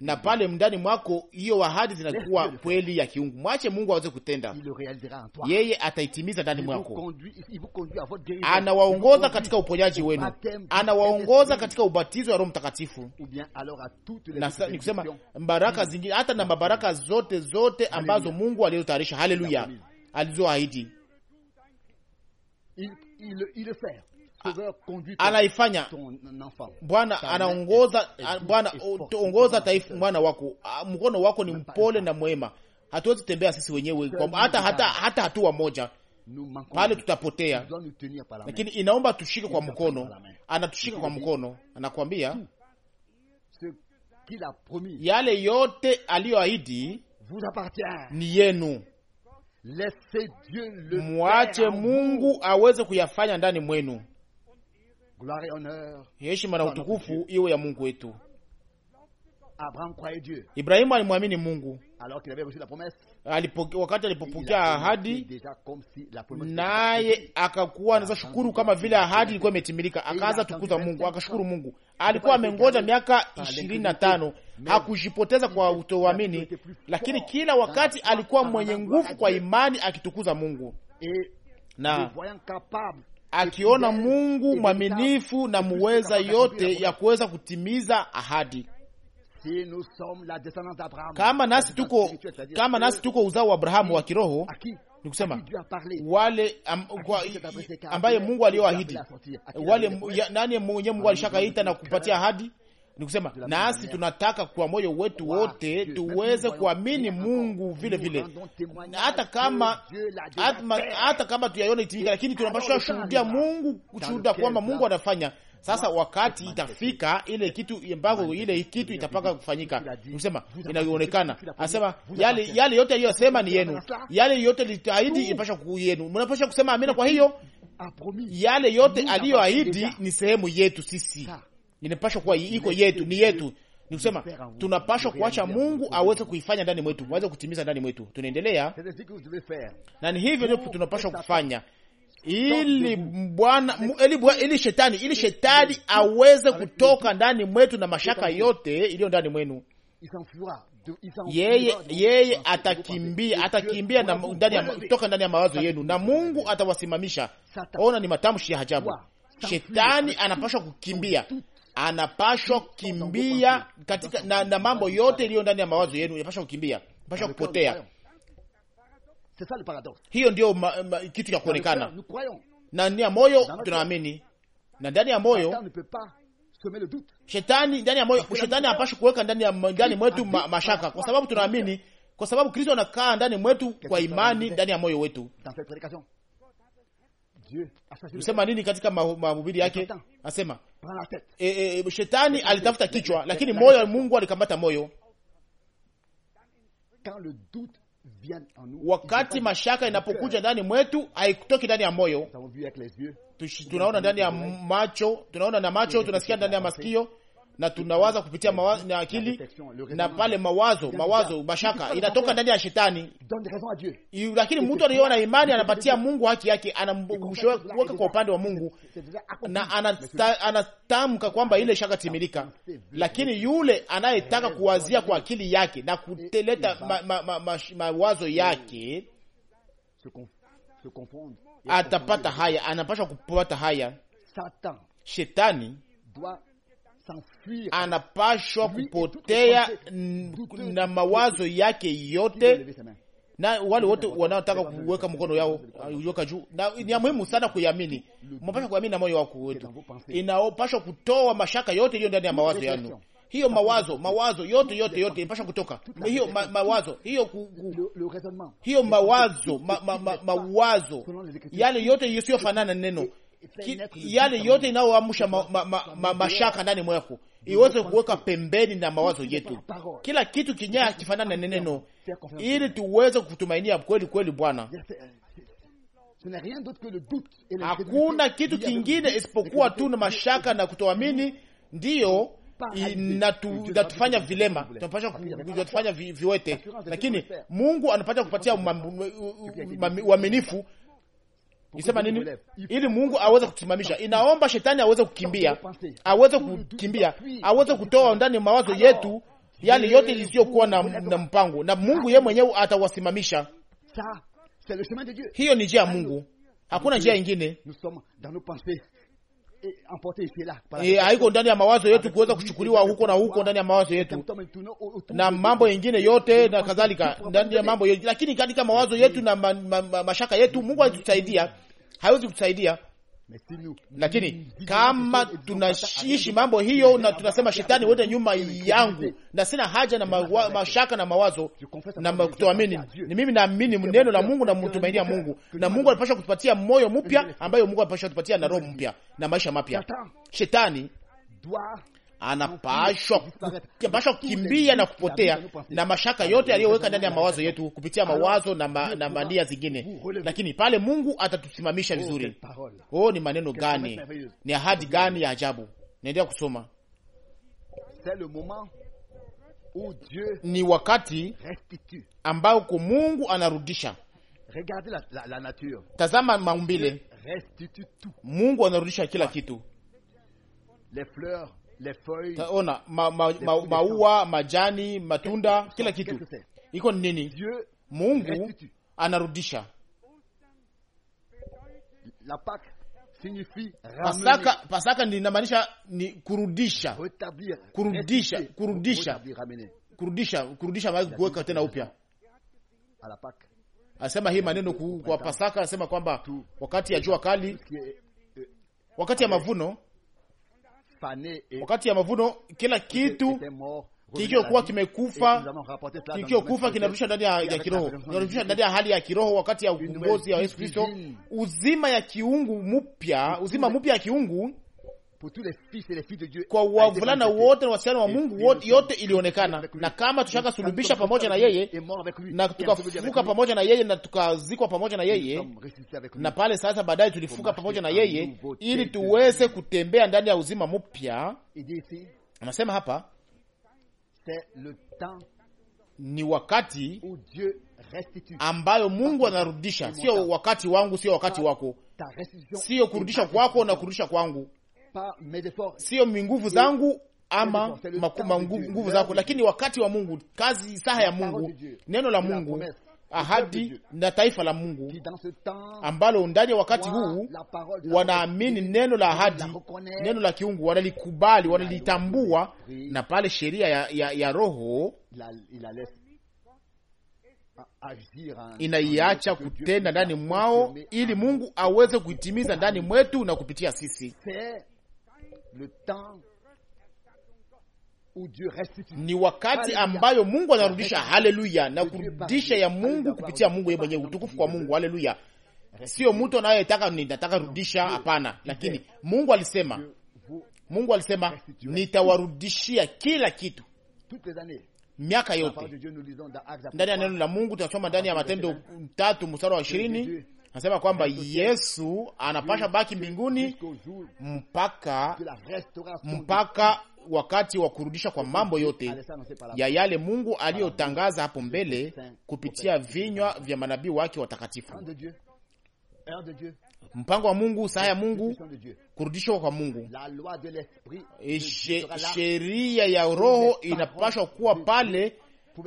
A: na pale ndani mwako kwako hiyo ahadi zinakuwa kweli ya kiungu. Mwache Mungu aweze kutenda, yeye ataitimiza ndani mwako. Anawaongoza katika uponyaji wenu, anawaongoza katika ubatizo wa Roho Mtakatifu na ni kusema baraka zingine, hata na mabaraka zote zote ambazo Mungu aliyotayarisha, haleluya, alizoahidi anaifanya. Bwana anaongoza, Bwana ongoza taifa, mwana wako, mkono wako ni mpole na mwema. Hatuwezi tembea sisi wenyewe hata hata hata hatua moja pale tutapotea, lakini inaomba tushike kwa mkono. Anatushika kwa mkono, anakuambia yale yote aliyoahidi ni yenu. Mwache Mungu aweze kuyafanya ndani mwenu heshima na utukufu iwe ya Mungu wetu. Ibrahimu alimwamini Mungu wakati alipopokea ahadi naye akakuwa anaza shukuru kama vile ahadi ilikuwa imetimilika, akaanza tukuza Mungu, akashukuru Mungu. Alikuwa amengoja miaka ishirini na tano, hakujipoteza kwa utoamini, lakini kila wakati alikuwa mwenye nguvu kwa imani akitukuza Mungu na akiona Mungu mwaminifu na muweza yote ya kuweza kutimiza ahadi.
B: Kama nasi tuko, kama nasi
A: tuko uzao wa Abrahamu wa kiroho ni kusema wale am, kwa, ambaye Mungu aliyoahidi wale nani mwenye Mungu alishakaita na kupatia ahadi ni kusema nasi tunataka kwa moyo wetu wote tuweze kuamini Mungu vile vile, hata kama hata kama tuyaone itimika, lakini tunapaswa kushuhudia Mungu, kushuhudia kwamba Mungu anafanya sasa wakati itafika ile kitu ambayo ile kitu itapaka kufanyika, nikusema inaonekana, anasema yale yale yote aliyosema ni yenu, yale yote litaahidi inapasha kuu yenu, mnapasha kusema amina. Kwa hiyo yale yote aliyoahidi ni sehemu yetu sisi nimepashwa kuwa iko yetu, ni yetu. Ni kusema tunapashwa kuacha Mungu aweze kuifanya ndani mwetu, aweze kutimiza ndani mwetu. Tunaendelea na ni hivyo ndio tunapashwa kufanya ili Bwana ili, ili shetani ili shetani aweze kutoka ndani mwetu na mashaka yote iliyo ndani mwenu. Yeye yeye atakimbia atakimbia na ndani ya kutoka ndani ya mawazo yenu, na Mungu atawasimamisha. Ona, ni matamshi ya ajabu. Shetani anapaswa kukimbia, anapashwa kukimbia katika na, na mambo yote iliyo ndani ya mawazo yenu inapashwa kukimbia, inapashwa kupotea. Hiyo ndio ma, ma, kitu cha kuonekana na ndani ya moyo tunaamini, na ndani ya moyo shetani, ndani ya moyo shetani hapashi kuweka ndani mwetu ma, mashaka, kwa sababu tunaamini, kwa sababu Kristo anakaa ndani mwetu kwa imani, ndani ya moyo wetu. Usema nini katika mahubiri yake? Asema e, e, shetani alitafuta kichwa, lakini moyo wa Mungu alikamata moyo. Wakati mashaka inapokuja ndani mwetu, haikutoki ndani ya moyo, tunaona ndani ya macho, tunaona na macho, tunasikia ndani ya masikio na tunawaza kupitia mawazo na akili, na pale mawazo mawazo mashaka inatoka ndani ya shetani, lakini mtu anayeona imani anapatia Mungu haki yake, anamshoweka kwa upande wa Mungu na anatamka kwamba ile shaka timilika. Lakini yule anayetaka kuwazia kwa akili yake na kuteleta mawazo ma, ma, ma, ma, ma yake atapata haya, anapasha kupata haya. Shetani anapashwa kupotea na mawazo yake yote, na wale wote wanaotaka kuweka mkono yao uh, yoka juu, na ni muhimu sana kuiamini. Mnapasha kuamini na moyo wako wetu, inapashwa kutoa mashaka yote iliyo ndani ya mawazo yanu hiyo mawazo mawazo yote yote yote inapasha kutoka hiyo ma, mawazo hiyo ku, ku, hiyo mawazo ma, ma, ma, mawazo yale yote yasiyofanana neno yale yote inayoamsha mashaka ndani mwako iweze kuweka pembeni na mawazo yetu, kila kitu kinyaa kifanana na neno, ili tuweze kutumainia kweli kweli Bwana. Hakuna kitu kingine isipokuwa tu na mashaka na kutoamini, ndiyo inatufanya vilema, tunatufanya viwete, lakini Mungu anapata kupatia uaminifu Nisema nini? Ili Mungu aweze kutusimamisha, inaomba shetani aweze kukimbia, aweze kukimbia, aweze kutoa ndani mawazo yetu yale yote isiyokuwa na, na mpango, na Mungu yeye mwenyewe atawasimamisha. Hiyo ni njia ya Mungu, hakuna njia ingine e, haiko ndani ya mawazo yetu kuweza kuchukuliwa huko na huko ndani ya mawazo yetu na mambo yengine yote na kadhalika, ndani ya mambo yote, lakini katika mawazo yetu na ma, ma, ma, mashaka yetu Mungu alitusaidia hawezi kutusaidia lakini kama tunaishi mambo hiyo na tunasema shetani wote nyuma yangu, na sina haja na mawa, mashaka na mawazo na kutoamini, ni mimi naamini neno la Mungu na mtumainia Mungu, na Mungu anapasha kutupatia moyo mpya, ambayo Mungu anapasha kutupatia na roho mpya na maisha mapya. Shetani anapashwa kukimbia na kupotea na mashaka yote aliyoweka ndani ya mawazo yetu kupitia mawazo na, ma, na mania zingine, lakini pale Mungu atatusimamisha vizuri. Oh, ni maneno gani, ni ahadi gani ya ajabu! Naendelea kusoma. Ni wakati ambao Mungu anarudisha. Tazama maumbile, Mungu anarudisha kila kitu. Les fleurs taona maua ma, ma, ma, ma majani, matunda, kila kitu iko nini? Mungu anarudisha. Pasaka, Pasaka linamaanisha ni kurudisha, kurudisha, kurudisha, kurudisha, kurudisha, kuweka tena upya. Anasema hii maneno kwa Pasaka, anasema kwamba wakati ya jua kali,
B: euh,
A: wakati ya mavuno wakati ya mavuno, kila kitu kikiokuwa kimekufa kikiokufa kinarudisha ndani ya, ya kiroho kinarudisha ndani ya hali ya kiroho wakati ya ukombozi ya Yesu Kristo, uzima ya kiungu mpya, uzima mpya ya kiungu kwa wavulana wote na wasichana wa Mungu wote, yote ilionekana. Na kama tushaka sulubisha pamoja na yeye na tukafuka pamoja na yeye na tukazikwa pamoja na yeye, na pale sasa baadaye tulifuka pamoja na yeye, ili tuweze kutembea ndani ya uzima mpya. Anasema hapa ni wakati ambayo Mungu anarudisha, sio wakati wangu, sio wakati wako, sio kurudisha kwako na kurudisha kwangu sio nguvu zangu ama nguvu zako, lakini wakati wa Mungu, kazi saha ya Mungu, neno la Mungu, ahadi na taifa la Mungu ambalo ndani ya wakati huu wanaamini neno la ahadi, neno la kiungu, wanalikubali, wanalitambua, na pale sheria ya, ya, ya Roho
B: inaiacha
A: kutenda ndani mwao, ili Mungu aweze kuitimiza ndani mwetu na kupitia sisi ni wakati ambayo Mungu anarudisha. Haleluya! na kurudisha ya Mungu kupitia Mungu yeye mwenyewe, utukufu kwa Mungu. Haleluya! sio mtu anayetaka ninataka rudisha, hapana, lakini Mungu alisema, Mungu alisema nitawarudishia kila kitu miaka yote. Ndani ya neno la Mungu tunasoma ndani ya Matendo tatu mstari wa ishirini Nasema kwamba Yesu anapasha baki mbinguni mpaka mpaka wakati wa kurudisha kwa mambo yote ya yale Mungu aliyotangaza hapo mbele kupitia vinywa vya manabii wake watakatifu. Mpango wa Mungu, saa ya Mungu, kurudishwa kwa Mungu. Eh, sheria ya Roho inapashwa kuwa pale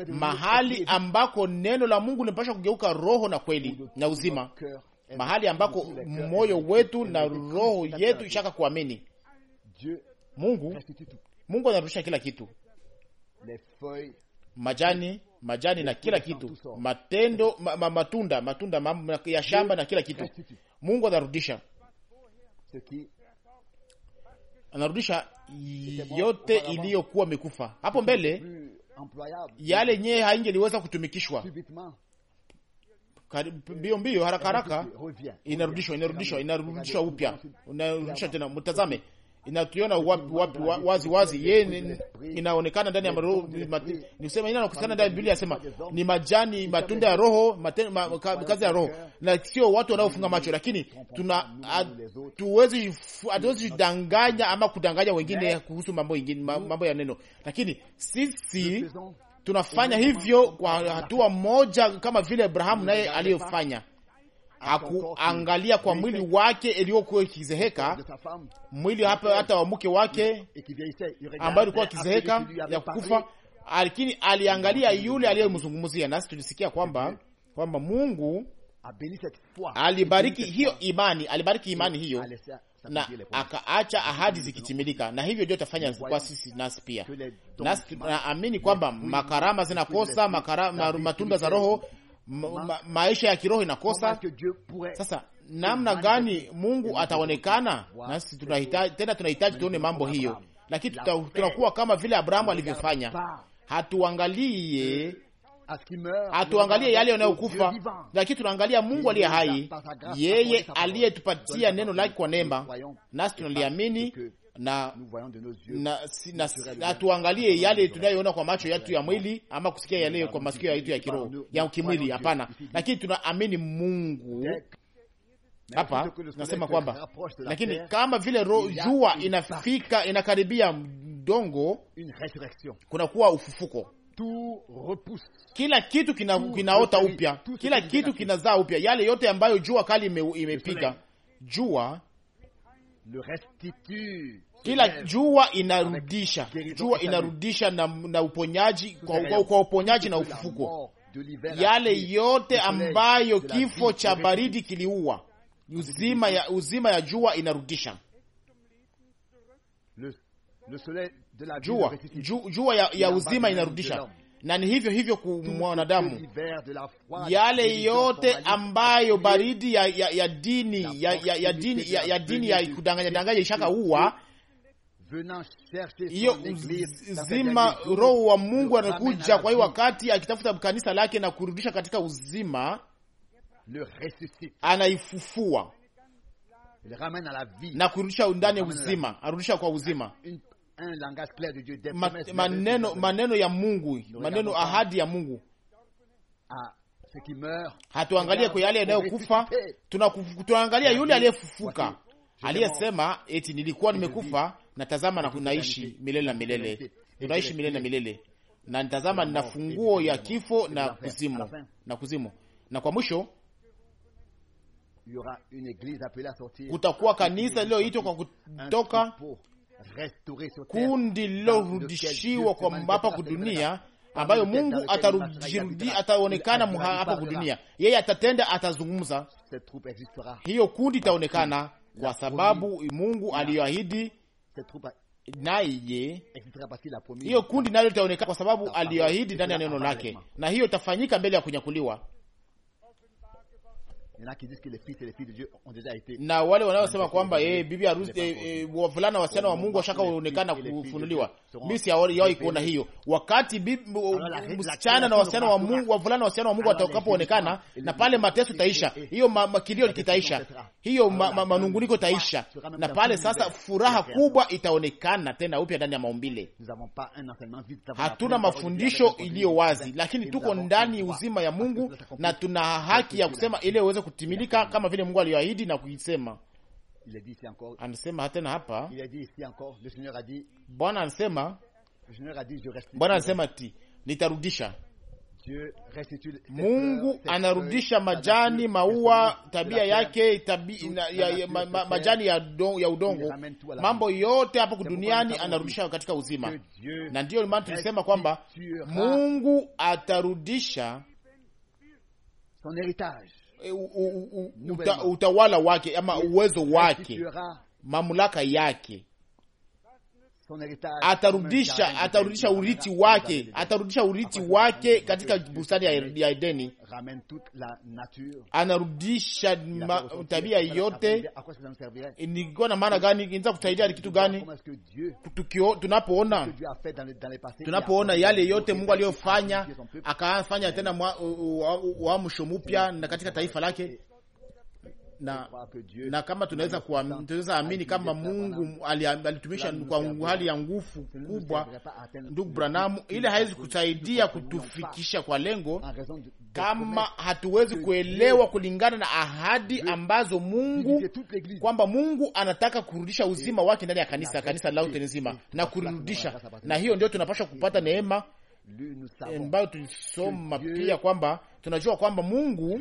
A: mahali ambako neno la Mungu limepasha kugeuka roho na kweli na uzima, mahali ambako moyo wetu na roho yetu ishaka kuamini Mungu. Mungu anarudisha kila kitu, majani majani na kila kitu, matendo ma, ma, matunda matunda ma, ya shamba na kila kitu. Mungu anarudisha anarudisha yote iliyokuwa mikufa hapo mbele
B: yale yenyewe
A: haingeliweza kutumikishwa mbio mbio, haraka haraka, inarudishwa inarudishwa inarudishwa upya, unarudishwa tena. Mtazame inatuona wapi wapi wazi wazi, yeye inaonekana ndani ya roho. ina inaonekana ndani ya Biblia, yasema ni majani matunda ya roho ma, ka, kazi ya roho, na sio watu wanaofunga macho, lakini tuna tuwezi hatuwezi danganya ama kudanganya wengine kuhusu mambo mengine, mambo ya neno, lakini sisi tunafanya hivyo kwa hatua moja, kama vile Abrahamu naye aliyofanya hakuangalia kwa mwili wake iliyokuwa ikizeheka, mwili hapa hata wa mke wake
B: ambayo ilikuwa ikizeheka ya kukufa,
A: lakini aliangalia yule aliyemzungumzia. Nasi tulisikia kwamba kwamba Mungu alibariki hiyo imani, alibariki imani hiyo na akaacha ahadi zikitimilika, na hivyo ndio tafanya kwa sisi nasi pia. Nasi naamini kwamba makarama zinakosa makarama, matunda za Roho ma, maisha ya kiroho inakosa. Sasa namna gani Mungu ataonekana nasi? Tunahitaji tena, tunahitaji tuone mambo hiyo, lakini tunakuwa kama vile Abrahamu alivyofanya, hatuangalie
B: hatuangalie yale yanayokufa,
A: lakini tunaangalia Mungu aliye hai, yeye aliyetupatia neno lake kwa neema, nasi tunaliamini na hatuangalie yale tunayoona kwa macho yetu ya mwili ama kusikia yale kwa masikio yetu ya kiroho ya kimwili. Hapana, lakini tunaamini Mungu hapa nasema kwamba lakini kama vile jua inafika inakaribia mdongo, kunakuwa ufufuko. Kila kitu kina, kinaota upya, kila kitu kinazaa upya, yale yote ambayo jua kali ime, imepiga jua kila jua inarudisha, jua inarudisha na, na uponyaji kwa, kwa uponyaji na ufufuko, yale yote ambayo kifo cha baridi kiliua. Uzima ya, uzima ya jua inarudisha jua, jua ya, ya uzima inarudisha na ni hivyo hivyo kumwanadamu. Yale yote ambayo baridi ya, ya, ya dini ya, ya, ya dini ya, ya dini ya kudanganya danganya ishaka uwa
B: hiyo uzima,
A: Roho wa Mungu anakuja kwa hiyo wakati akitafuta kanisa lake na kurudisha katika uzima, anaifufua na kurudisha ndani ya uzima, arudisha kwa uzima
B: maneno, maneno
A: ya Mungu, maneno ahadi ya Mungu.
B: Hatuangalie kwa yale yanayokufa,
A: tunaangalia yule aliyefufuka aliyesema eti nilikuwa nimekufa na tazama na naishi milele na milele, tunaishi milele na milele, na nitazama nina funguo ya kifo na kuzimu na kuzimu. Na kwa mwisho
B: kutakuwa kanisa lililoitwa
A: kwa kutoka kundi lilorudishiwa kwa hapa kudunia, ambayo Mungu atarudi, ataonekana hapa kudunia, yeye atatenda, atazungumza. Hiyo kundi itaonekana kwa sababu Mungu aliyoahidi naye hiyo kundi nayo itaonekana kwa sababu aliyoahidi ndani ya neno lake, na hiyo itafanyika mbele ya kunyakuliwa na wale wanaosema kwamba eh, bibi harusi e, e, wavulana wasichana wa Mungu washaka washakaonekana kufunuliwa. Mimi siyawahi kuona hiyo. Wakati msichana na wasichana wa Mungu, wavulana wasichana wa Mungu watakapoonekana, na pale mateso taisha, hiyo makilio kitaisha, hiyo manunguniko taisha, na pale sasa furaha kubwa itaonekana tena upya ndani ya maumbile. Hatuna mafundisho iliyo wazi, lakini tuko ndani uzima ya Mungu na tuna haki ya kusema ile uweze kutimilika kama vile Mungu aliyoahidi na kuisema. Anasema tena hapa, Bwana anasema, Bwana anasema ti nitarudisha. Mungu anarudisha majani, maua, tabia yake tabi, na, ya, ma, majani ya, don, ya udongo, mambo yote hapo duniani anarudisha katika uzima, na ndiyo maana tulisema kwamba Mungu atarudisha son héritage Eh, utawala wake ama uwezo wake, mamlaka yake atarudisha atarudisha urithi wake atarudisha urithi wake katika bustani ya Edeni, anarudisha tabia yote. Eh, nilikuwa na maana gani? Inza kusaidia kitu gani? Tunapoona tunapoona yale yote Mungu aliyofanya, akafanya tena uamsho mupya eh, na katika taifa lake eh, na, na kama tunaweza tunaweza amini kama Mungu alitumisha kwa hali ya nguvu kubwa ndugu Branamu, ili hawezi kusaidia kutufikisha kwa lengo kama hatuwezi kuelewa kulingana na ahadi ambazo Mungu kwamba Mungu anataka kurudisha uzima wake ndani ya kanisa kanisa lote nzima na kurudisha, na hiyo ndio tunapaswa kupata neema ambayo tulisoma pia kwamba tunajua kwamba Mungu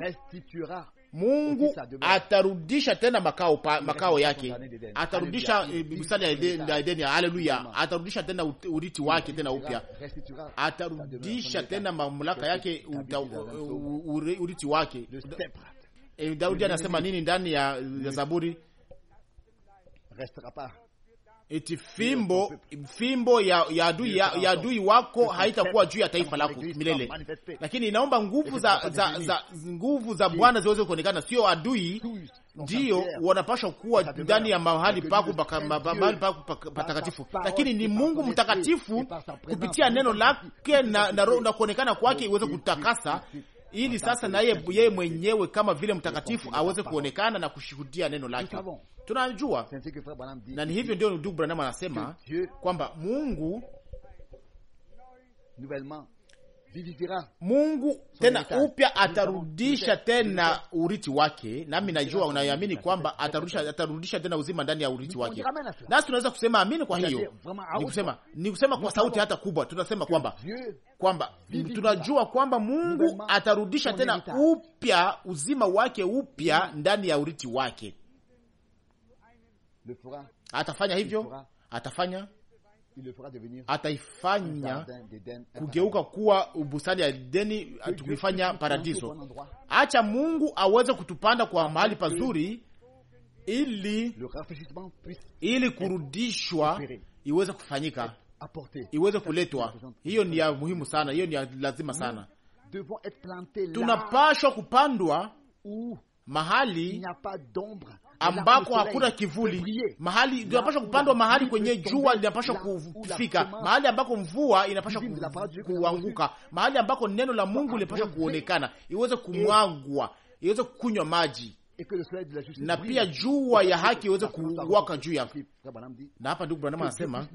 A: Mungu atarudisha tena makao, pa, makao yake atarudisha eh, bustani ya Edeni. Haleluya! Atarudisha tena urithi wake tena upya, atarudisha tena mamlaka yake, urithi wake. Eh, Daudi anasema nini ndani ya Zaburi? eti fimbo fimbo ya ya adui ya, adui wako haitakuwa juu ya taifa lako milele, lakini inaomba nguvu za, za, za nguvu za Bwana ziweze kuonekana, sio adui ndio wanapashwa kuwa ndani ya mahali pako mahali pako patakatifu, lakini ni Mungu mtakatifu kupitia neno lake na, na, na kuonekana kwake iweze kutakasa ili sasa na yeye ye mwenyewe kama vile mtakatifu aweze kuonekana na kushuhudia neno lake. Tunajua na ni hivyo ndio ndugu Branham anasema kwamba Mungu Mungu tena upya atarudisha tena urithi wake, nami najua unayoamini kwamba atarudisha, atarudisha tena uzima ndani ya urithi wake, nasi tunaweza kusema amini. Kwa hiyo ni kusema, ni kusema kwa sauti hata kubwa, tunasema kwamba kwamba tunajua kwamba Mungu atarudisha tena upya uzima wake upya ndani ya urithi wake. Atafanya hivyo, atafanya ataifanya kugeuka kuwa ubusani ya Edeni, tukifanya paradiso. Acha Mungu aweze kutupanda kwa mahali pazuri, ili ili kurudishwa iweze kufanyika, iweze kuletwa. Hiyo ni ya muhimu sana, hiyo ni ya lazima sana.
B: Tunapashwa
A: kupandwa mahali
B: ambako hakuna kivuli, mahali inapasha kupandwa, mahali kwenye jua linapasha kufika, mahali
A: ambako mvua inapasha kuanguka, mahali ambako neno la Mungu linapasha kuonekana, iweze kumwagwa, iweze kunywa maji na pia jua ya haki iweze kuwaka juu ya. Na hapa ndugu Branham anasema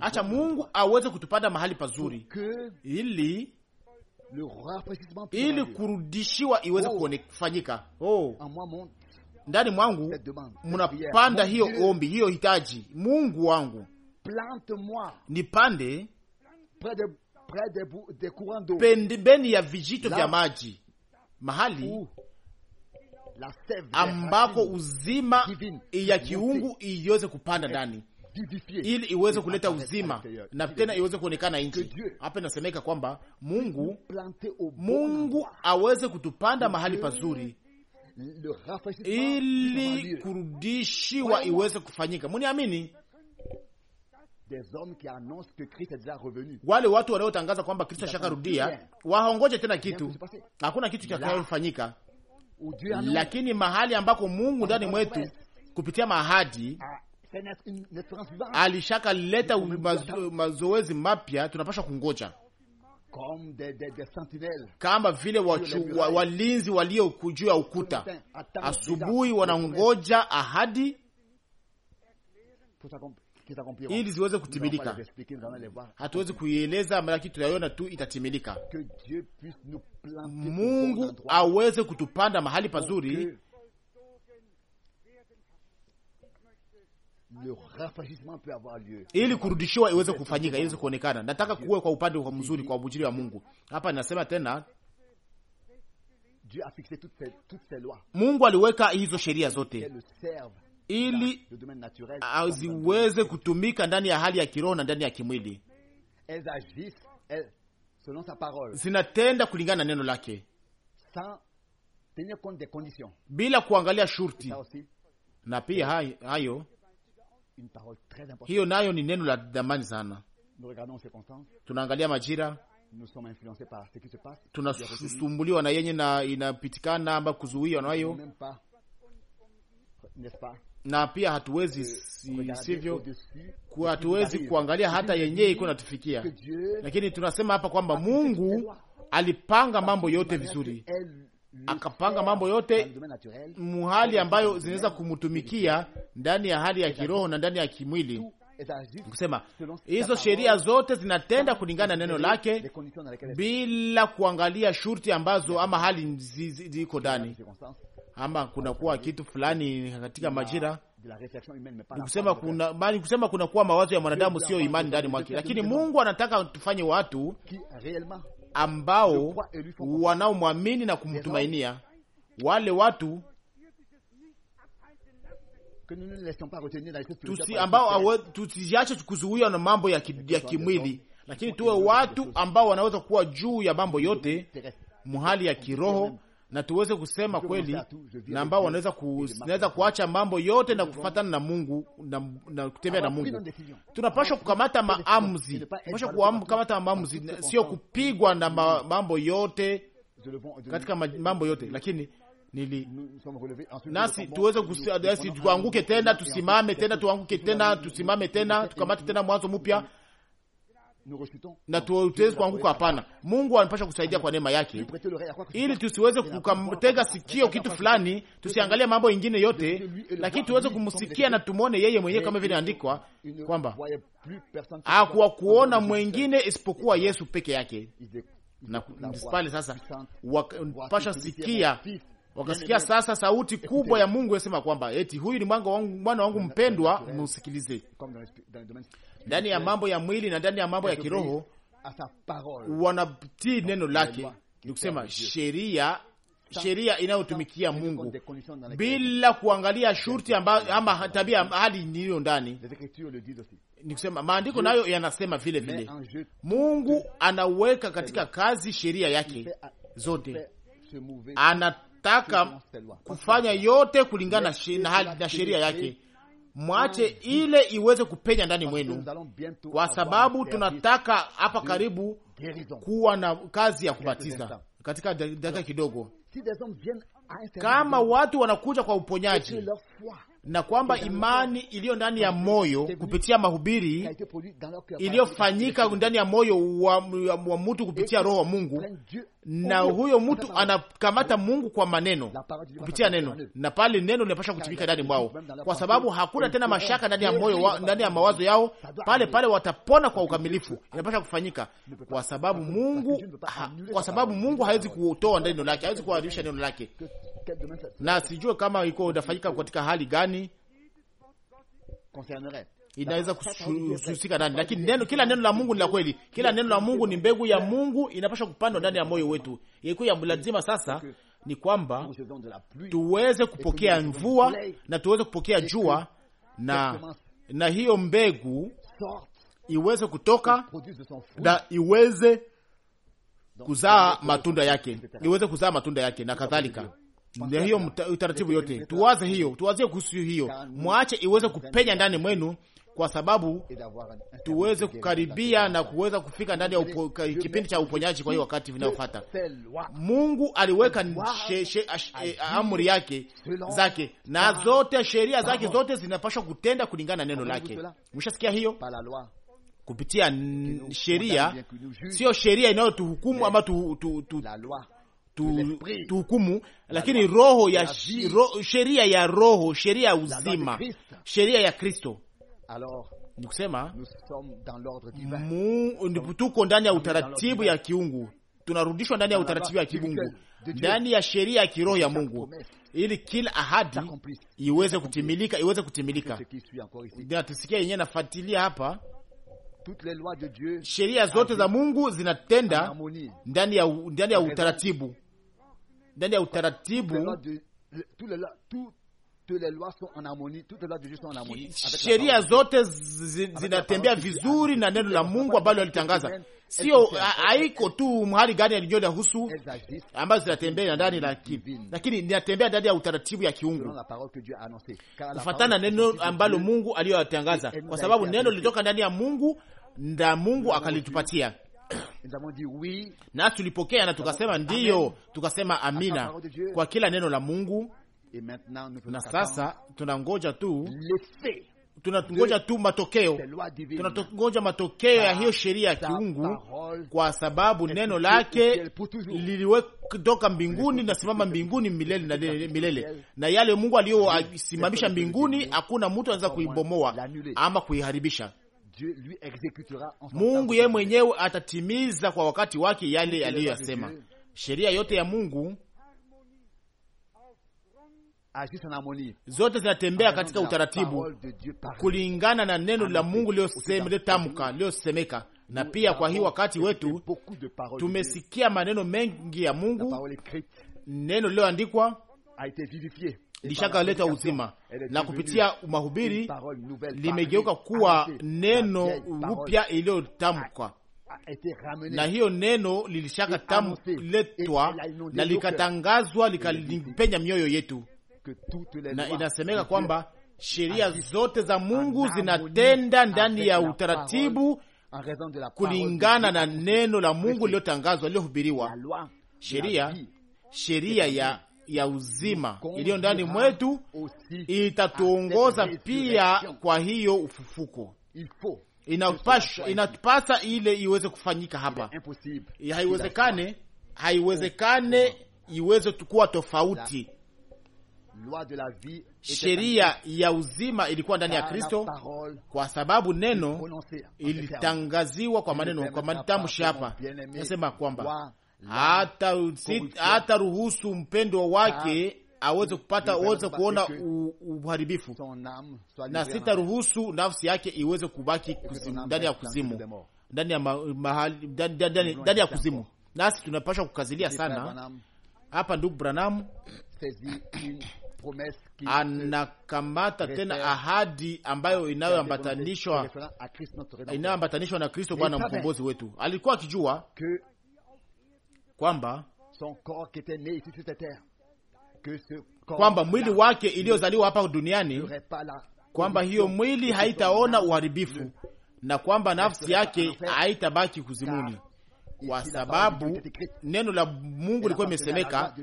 A: acha Mungu aweze kutupanda mahali pazuri, ili ili kurudishiwa iweze oh. kufanyika. Oh, ndani mwangu mnapanda hiyo ombi, hiyo hitaji. Mungu wangu, nipande pembeni ya vijito vya maji, mahali ambako uzima ya kiungu iweze kupanda ndani ili iweze kuleta uzima na tena iweze kuonekana nje. Hapa inasemeka kwamba Mungu Mungu aweze kutupanda mahali pazuri
B: ili
A: kurudishiwa iweze kufanyika. Muniamini, wale watu wanaotangaza kwamba Kristo rudia waongoje tena kitu, hakuna kitu kitakayofanyika. Lakini mahali ambako Mungu ndani mwetu kupitia mahadi alishaka leta mazoezi mapya, tunapasha kungoja kama vile wa, walinzi walio juu ya ukuta, asubuhi wanangoja ahadi ili ziweze kutimilika. Hatuwezi kuieleza, maraki, tunaiona tu itatimilika. Mungu aweze kutupanda mahali pazuri le
B: rafraîchissement peut avoir lieu, ili kurudishiwa iweze
A: kufanyika, iweze kuonekana. Nataka kuwe kwa upande wa mzuri kwa ujiri wa Mungu. Hapa nasema tena Mungu aliweka hizo sheria zote ili aziweze kutumika ndani ya hali ya kiroho na ndani ya kimwili, zinatenda kulingana na neno lake bila kuangalia shurti na pia hayo hiyo nayo ni neno la dhamani sana. Tunaangalia majira,
B: tunasumbuliwa
A: na yenye na inapitikana ama kuzuiwa nayo na pia hatuwezi euh, sivyo,
B: hatuwezi kuangalia hata yenyewe iko natufikia,
A: lakini tunasema hapa kwamba Mungu alipanga mambo yote vizuri akapanga mambo yote muhali ambayo zinaweza kumtumikia ndani ya hali ya kiroho na ndani ya kimwili kusema hizo sheria zote zinatenda kulingana na neno lake bila kuangalia shurti ambazo ama hali ziko ndani, ama kunakuwa kitu fulani katika majira. kusema kuna kusema kuna mawazo ya mwanadamu sio imani ndani mwake, lakini Mungu anataka tufanye watu ambao wanaomwamini na kumtumainia, wale watu
B: tusi ambao
A: tusiache kuzuia na mambo ya, ki, ya kimwili, lakini tuwe watu ambao wanaweza kuwa juu ya mambo yote mhali ya kiroho na tuweze kusema kweli na ambao wanaweza ku, kuacha mambo yote na kufatana na Mungu na, na kutembea na Mungu. Tunapaswa kukamata maamuzi, tunapaswa kukamata maamuzi, sio kupigwa na ma, mambo yote katika mambo yote, lakini nili nasi tuweze kuanguke eh, tena, tusimame tena, tuanguke tena, tusimame tena, tukamate tena mwanzo mpya na tuotezi kuanguka. Hapana, Mungu anapasha kusaidia kwa neema yake, ili tusiweze kukamtega sikio kitu fulani, tusiangalie mambo ingine yote, lakini tuweze kumsikia na tumwone yeye mwenyewe, kama vile andikwa kwamba hakuwa kuona mwengine isipokuwa Yesu peke yake. Na pale sasa wakapasha sikia wakasikia sasa sauti kubwa ya Mungu yasema kwamba eti huyu ni mwana wangu, mpendwa, musikilize ndani ya mambo ya mwili na ndani ya mambo ya kiroho wanatii neno lake, ni kusema sheria sheria inayotumikia Mungu bila kuangalia shurti amba, ama tabia hali niliyo ndani. Ni kusema maandiko nayo yanasema vile vile, Mungu anaweka katika kazi sheria yake zote, anataka kufanya yote kulingana na sheria yake mwache mm, mm. ile iweze kupenya ndani mwenu, kwa sababu tunataka hapa karibu kuwa na kazi ya kubatiza katika dakika kidogo. Kama watu wanakuja kwa uponyaji na kwamba imani iliyo ndani ya moyo kupitia mahubiri iliyofanyika ndani ya moyo wa, wa mtu kupitia roho wa Mungu, na huyo mtu anakamata Mungu kwa maneno kupitia neno, na pale neno linapasha kutimika ndani mwao, kwa sababu hakuna tena mashaka ndani ya moyo, ndani ya mawazo yao. Pale pale watapona kwa ukamilifu, inapasha kufanyika kwa sababu Mungu ha, kwa sababu Mungu hawezi kutoa neno lake, hawezi kuharibisha neno lake na sijue kama iko inafanyika katika hali gani, inaweza kuhusika nani, lakini neno, kila neno la Mungu ni la kweli. Kila neno la Mungu ni mbegu ya Mungu, inapaswa kupandwa ndani ya moyo wetu. Ilikuwa ya lazima sasa ni kwamba tuweze kupokea mvua na tuweze kupokea jua na na hiyo mbegu iweze kutoka na iweze kuzaa matunda yake, iweze kuzaa matunda yake na kadhalika na hiyo utaratibu yote, tuwaze hiyo, tuwazie kuhusu hiyo, mwache iweze kupenya ndani mwenu, kwa sababu tuweze kukaribia na kuweza kufika ndani ya upo, kipindi cha uponyaji. Kwa hiyo wakati vinayofuata Mungu aliweka e, amri yake zake na zote sheria zake zote zinapaswa kutenda kulingana na neno lake. Mshasikia hiyo kupitia sheria, sio sheria inayotuhukumu ama tu, tu, tu, tu tuhukumu tu, lakini roho ya ro, sheria ya roho, sheria ya uzima, sheria ya Kristo ni kusema tuko ndani ya utaratibu ya kiungu, tunarudishwa ndani ya utaratibu ya kiungu, ndani ya sheria ya kiroho ya Mungu, ili kila ahadi iweze kutimilika, iweze kutimilika. Natusikia yenyewe nafuatilia hapa sheria zote za Mungu zinatenda ndani ya, ndani ya utaratibu ndani ya utaratibu sheria zote zinatembea vizuri na neno la Mungu ambalo alitangaza, sio haiko tu mahali gani yalijoda husu ambazo zinatembea ndani, lakini inatembea ndani ya utaratibu ya kiungu kufatana neno ambalo Mungu aliyoyatangaza, kwa sababu neno lilitoka ndani ya Mungu na Mungu akalitupatia nasi tulipokea na tukasema ndiyo, tukasema amina kwa kila neno la Mungu. Na sasa tunangoja tu tunangoja tu matokeo, tunangoja matokeo ya hiyo sheria ya kiungu, kwa sababu neno lake liliwetoka mbinguni, nasimama mbinguni milele na milele, na yale Mungu aliyosimamisha mbinguni hakuna mtu anaweza kuibomoa ama kuiharibisha. Mungu yeye mwenyewe atatimiza kwa wakati wake yale aliyoyasema. Sheria yote ya Mungu zote zinatembea katika utaratibu kulingana na neno la Mungu liliotamka liyosemeka. Na pia kwa hii wakati wetu tumesikia maneno mengi ya Mungu, neno lililoandikwa lishakaleta uzima na kupitia mahubiri
B: limegeuka
A: kuwa neno upya iliyotamkwa na hiyo neno lilishaka tamletwa na likatangazwa likalipenya mioyo yetu, na inasemeka kwamba sheria zote za Mungu zinatenda ndani ya utaratibu
B: kulingana
A: na neno la Mungu liliyotangazwa, liliyohubiriwa. Sheria sheria ya ya uzima iliyo ndani mwetu itatuongoza pia kwa hiyo ufufuko. Inapasha, inatupasa ile iweze kufanyika hapa, haiwezekane haiwezekane iweze kuwa tofauti. Sheria ya uzima ilikuwa ndani ya Kristo, kwa sababu neno ilitangaziwa kwa maneno, kwa matamshi hapa nasema kwamba hata, sit, hata ruhusu mpendo wake ah. aweze kupata aweze kuona uharibifu na sitaruhusu nafsi yake iweze kubaki ndani ya kuzimu, ndani ya mahali, ndani ya kuzimu. Nasi tunapashwa kukazilia sana hapa. Ndugu Branham anakamata tena ahadi ambayo inayoambatanishwa inayoambatanishwa na Kristo Bwana mkombozi wetu. Alikuwa akijua kwamba
B: kwamba mwili
A: wake iliyozaliwa hapa duniani kwamba hiyo mwili haitaona uharibifu na kwamba nafsi yake haitabaki kuzimuni, kwa sababu neno la Mungu ilikuwa imesemeka,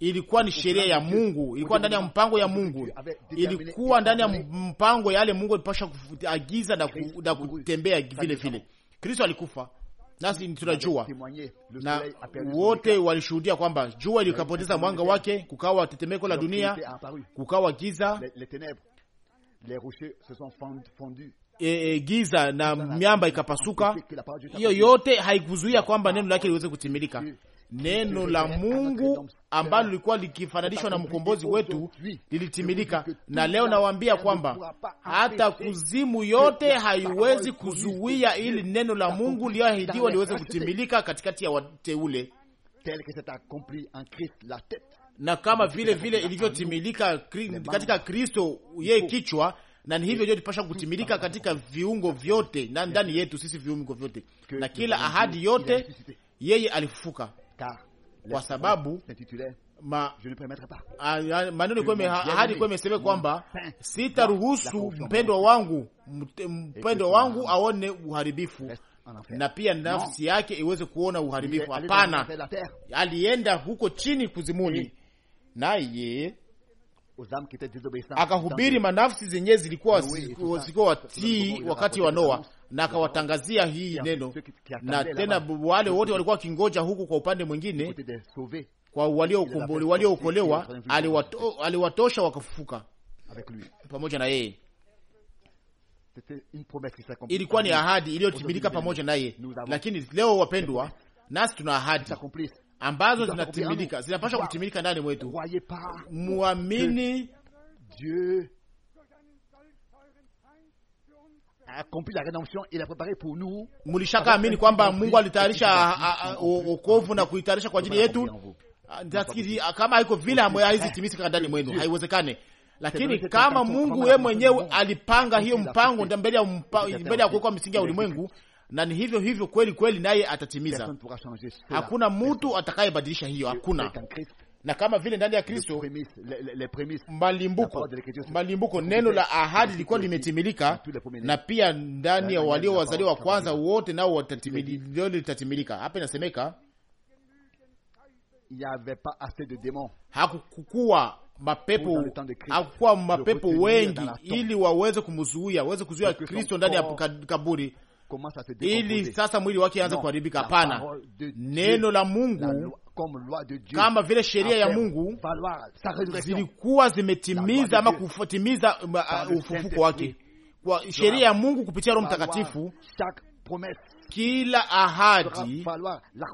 A: ilikuwa ni sheria ya Mungu, ilikuwa ndani ya mpango ya Mungu, ilikuwa ndani ya mpango yale Mungu alipasha kuagiza na kutembea vile vile. Kristo alikufa nasi tunajua
B: na wote
A: walishuhudia kwamba jua likapoteza mwanga wake, kukawa tetemeko la dunia, kukawa giza e, e, giza na miamba ikapasuka. Hiyo yote haikuzuia kwamba neno lake liweze kutimilika neno la Mungu ambalo lilikuwa likifananishwa na mkombozi wetu lilitimilika. Na leo nawaambia kwamba hata kuzimu yote haiwezi kuzuia ili neno la Mungu liliyoahidiwa liweze kutimilika katikati ya wateule, na kama vile vile ilivyotimilika katika Kristo, yeye kichwa na ni hivyo ndio tupasha kutimilika katika viungo vyote na ndani yetu sisi viungo vyote, na kila ahadi yote yeye alifufuka. Car kwa sababu ma, ah, maneno hadi kuwa imesema kwamba sitaruhusu mpendwa wangu mpendwa wangu aone uharibifu na pia nafsi yake iweze kuona uharibifu. Hapana, alienda huko chini kuzimuni, naye akahubiri manafsi zenye zilikuwa zilikuwa watii wakati wa Noa, na akawatangazia hii neno, na tena wale wote walikuwa wakingoja huku. Kwa upande mwingine, kwa waliookolewa aliwatosha wakafufuka pamoja na yeye. Ilikuwa ni ahadi iliyotimilika pamoja naye. Lakini leo wapendwa, nasi tuna ahadi ambazo zinatimilika zinapaswa kutimilika ndani mwetu. Muamini
B: mulishaka amini kwamba Mungu alitayarisha
A: wokovu na kuitayarisha kwa ajili yetu. Ah, kama haiko vile, timisika ndani mwenu, haiwezekane. Lakini kama Mungu yeye mwenyewe alipanga hiyo mpango mbele ya kuwekwa misingi ya ulimwengu, na ni hivyo hivyo kweli kweli, naye atatimiza. Hakuna mtu atakayebadilisha hiyo, hakuna na kama vile ndani ya Kristo malimbuko malimbuko, neno la ahadi lilikuwa limetimilika, na pia ndani ya walio wazaliwa wa kwanza wote nao litatimilika. Hapa inasemeka hakukuwa mapepo hakukuwa mapepo wengi, ili waweze kumzuia, waweze kuzuia Kristo ndani ya kaburi ili sasa mwili wake anze kuharibika. Hapana, neno la Mungu kama vile sheria ya Mungu zilikuwa zimetimiza ama kutimiza uh, uh, ufufuko wake kwa sheria ya Mungu kupitia Roho Mtakatifu. Kila ahadi,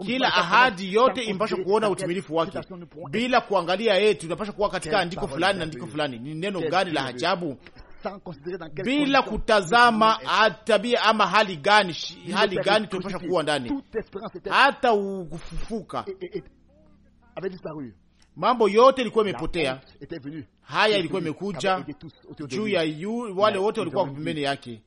A: kila ahadi yote imepasha kuona utimilifu wake bila kuangalia, eh, tunapasha kuwa katika andiko fulani na andiko fulani. Ni neno gani la ajabu bila kutazama tabia ama hali gani, hali gani tunapasha kuwa ndani, hata ukufufuka mambo yote ilikuwa imepotea haya ilikuwa imekuja juu ya yu, wale wote walikuwa pembeni yake,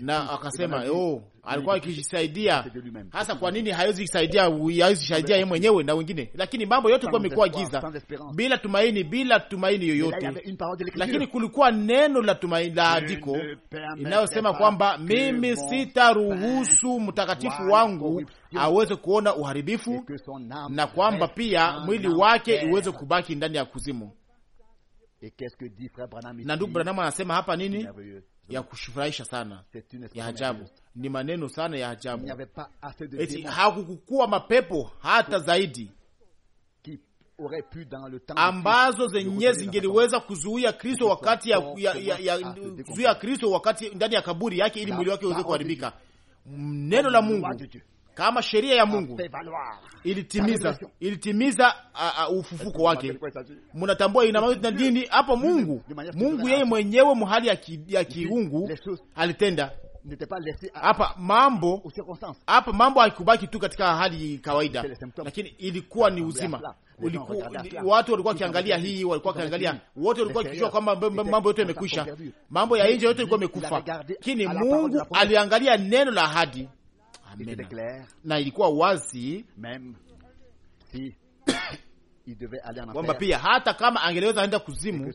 A: na akasema oh, alikuwa akijisaidia hasa. Kwa nini hawezi kusaidia, Hawezi jisaidia yeye mwenyewe na wengine, lakini mambo yote kwa imekuwa giza, bila tumaini, bila tumaini yoyote, lakini kulikuwa neno la tumaini la andiko inayosema kwamba mimi sitaruhusu mtakatifu wangu aweze kuona uharibifu na kwamba pia mwili wake iweze kubaki ndani ya kuzimu na ndugu Branham anasema hapa nini ya kushifurahisha sana ya ajabu, ni maneno sana ya ajabu. Eti hakukukuwa mapepo hata zaidi
B: ambazo
A: zenye zingeliweza kuzuia Kristo wakati ya, ya, ya, ya, kuzuia Kristo wakati ndani ya kaburi yake ili mwili wake uweze kuharibika. Neno la Mungu kama sheria ya Mungu ilitimiza ilitimiza ufufuko wake. Mnatambua ina maana dini hapo. Mungu Mungu yeye mwenyewe mhali ya, ki, ya kiungu alitenda hapa mambo hapa mambo haikubaki tu katika hali kawaida, lakini ilikuwa ni uzima. Uliku, watu walikuwa wakiangalia hii, walikuwa wakiangalia wote, walikuwa wakijua kwamba mambo yote yamekwisha, mambo ya nje yote ilikuwa imekufa, lakini Mungu aliangalia neno la ahadi na ilikuwa wazi kwamba pia hata kama angeliweza enda kuzimu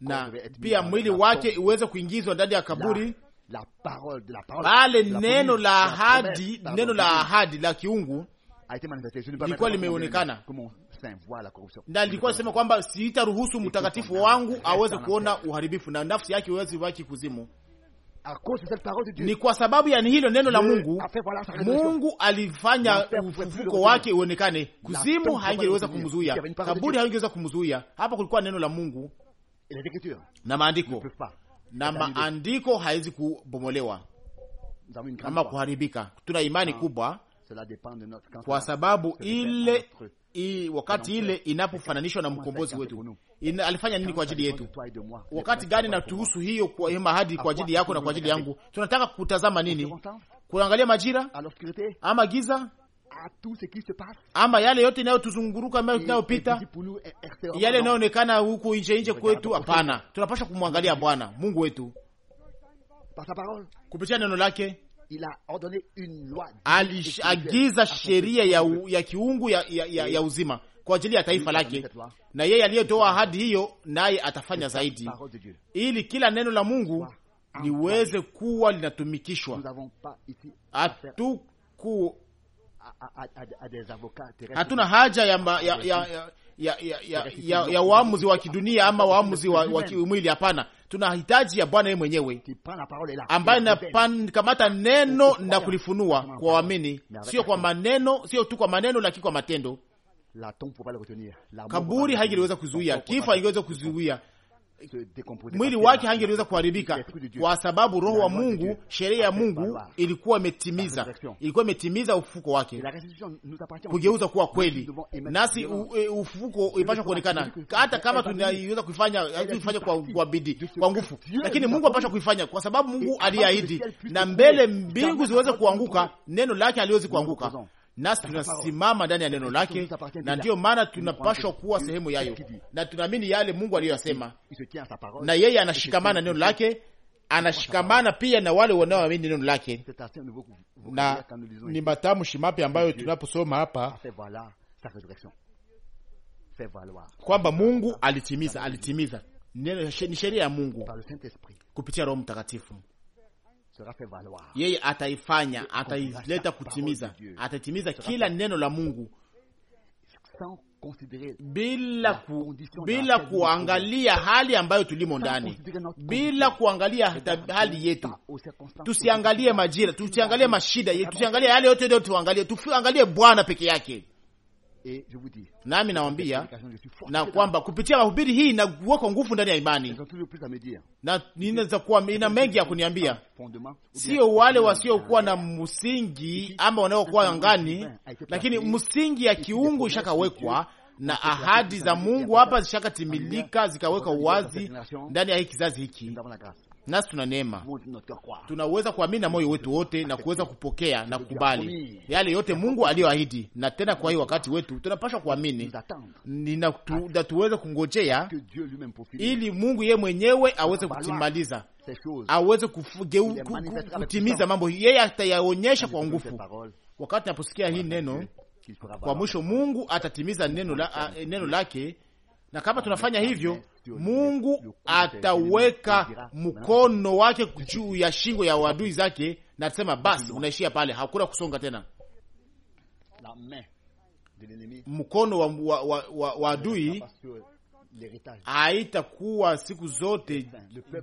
A: na pia mwili wake uweze kuingizwa ndani ya kaburi
B: pale neno la ahadi, neno la
A: ahadi la kiungu lilikuwa limeonekana na ilikuwa sema kwamba siitaruhusu mtakatifu wangu aweze kuona uharibifu na nafsi yake iweze baki kuzimu. Ni kwa sababu ya hilo neno la Mungu, Mungu alifanya ufufuko wake uonekane. Kuzimu haingeweza kumzuia, kaburi haingeweza kumzuia. Hapa kulikuwa neno la Mungu na maandiko, na maandiko haizi kubomolewa ama kuharibika. Tuna imani ah. kubwa kwa sababu ile i, wakati ile inapofananishwa na mkombozi wetu ina, alifanya nini kwa ajili yetu? Wakati gani natuhusu hiyo kwa hema hadi kwa ajili yako na kwa ajili yangu? Tunataka kutazama nini? Kuangalia majira ama giza ama yale yote inayotuzunguruka ambayo tunayopita, yale inayoonekana huku nje nje kwetu? Hapana, tunapasha kumwangalia Bwana Mungu wetu
B: kupitia neno lake
A: aliagiza sheria ya, ya kiungu ya, ya, ya, ya uzima kwa ajili ya taifa lake, na yeye aliyetoa ahadi hiyo naye atafanya zaidi, ili kila neno la Mungu liweze kuwa linatumikishwa. Hatuku, hatuna haja ya, ma, ya, ya, ya, ya, ya, ya, ya waamuzi wa kidunia ama waamuzi wa, wa kimwili. Hapana, tunahitaji ya Bwana yeye mwenyewe ambaye nakamata neno na kulifunua kwa waamini, sio kwa maneno, sio tu kwa maneno, lakini kwa matendo. Kaburi haingeliweza kuzuia, kifo haingeweza kuzuia, mwili wake hangeliweza kuharibika kwa sababu roho wa Mungu, sheria ya Mungu ilikuwa imetimiza, ilikuwa imetimiza ufufuko wake,
B: kugeuza kuwa kweli.
A: Nasi e, ufufuko ipasha kuonekana, hata kama tunaiweza kuifanya kuifanya kwa, kwa bidii kwa nguvu, lakini Mungu apasha kuifanya, kwa sababu Mungu aliahidi, na mbele mbingu ziweze kuanguka, neno lake haliwezi kuanguka nasi tunasimama ndani ya neno lake, na ndiyo maana tunapashwa kuwa sehemu yayo, na tunaamini yale Mungu aliyoyasema, na yeye anashikamana na neno lake, anashikamana pia na wale wanaoamini neno lake, na ni matamshi mapya ambayo tunaposoma hapa kwamba Mungu alitimiza, alitimiza ni sheria ya Mungu kupitia Roho Mtakatifu yeye ataifanya, ataileta kutimiza, atatimiza kila neno la Mungu bila, ku, bila kuangalia hali ambayo tulimo ndani, bila kuangalia hali yetu. Tusiangalie majira, tusiangalie mashida yetu, tusiangalie yale yote, tuangalie tuangalie Bwana peke yake nami nawambia na kwamba kupitia mahubiri hii inawekwa nguvu ndani ya imani, na inaweza kuwa ina mengi ya kuniambia, sio wale wasiokuwa na msingi ama wanaokuwa angani, lakini msingi ya kiungu ishakawekwa na ahadi za Mungu hapa zishakatimilika zikawekwa uwazi ndani ya hii kizazi hiki nasi tuna neema, tunaweza kuamini na moyo wetu wote na kuweza kupokea na kukubali yale yote Mungu aliyoahidi. Na tena kwa hii wakati wetu tunapaswa kuamini na tu, tuweze kungojea ili Mungu yeye mwenyewe aweze kutimaliza aweze kutimiza mambo, yeye atayaonyesha kwa nguvu. Wakati naposikia hii neno kwa mwisho, Mungu atatimiza neno, la, neno lake na kama tunafanya hivyo, Mungu ataweka mkono wake juu ya shingo ya wadui zake, na tusema basi, unaishia pale, hakuna kusonga tena. Mkono wa wadui wa, wa, wa haitakuwa siku zote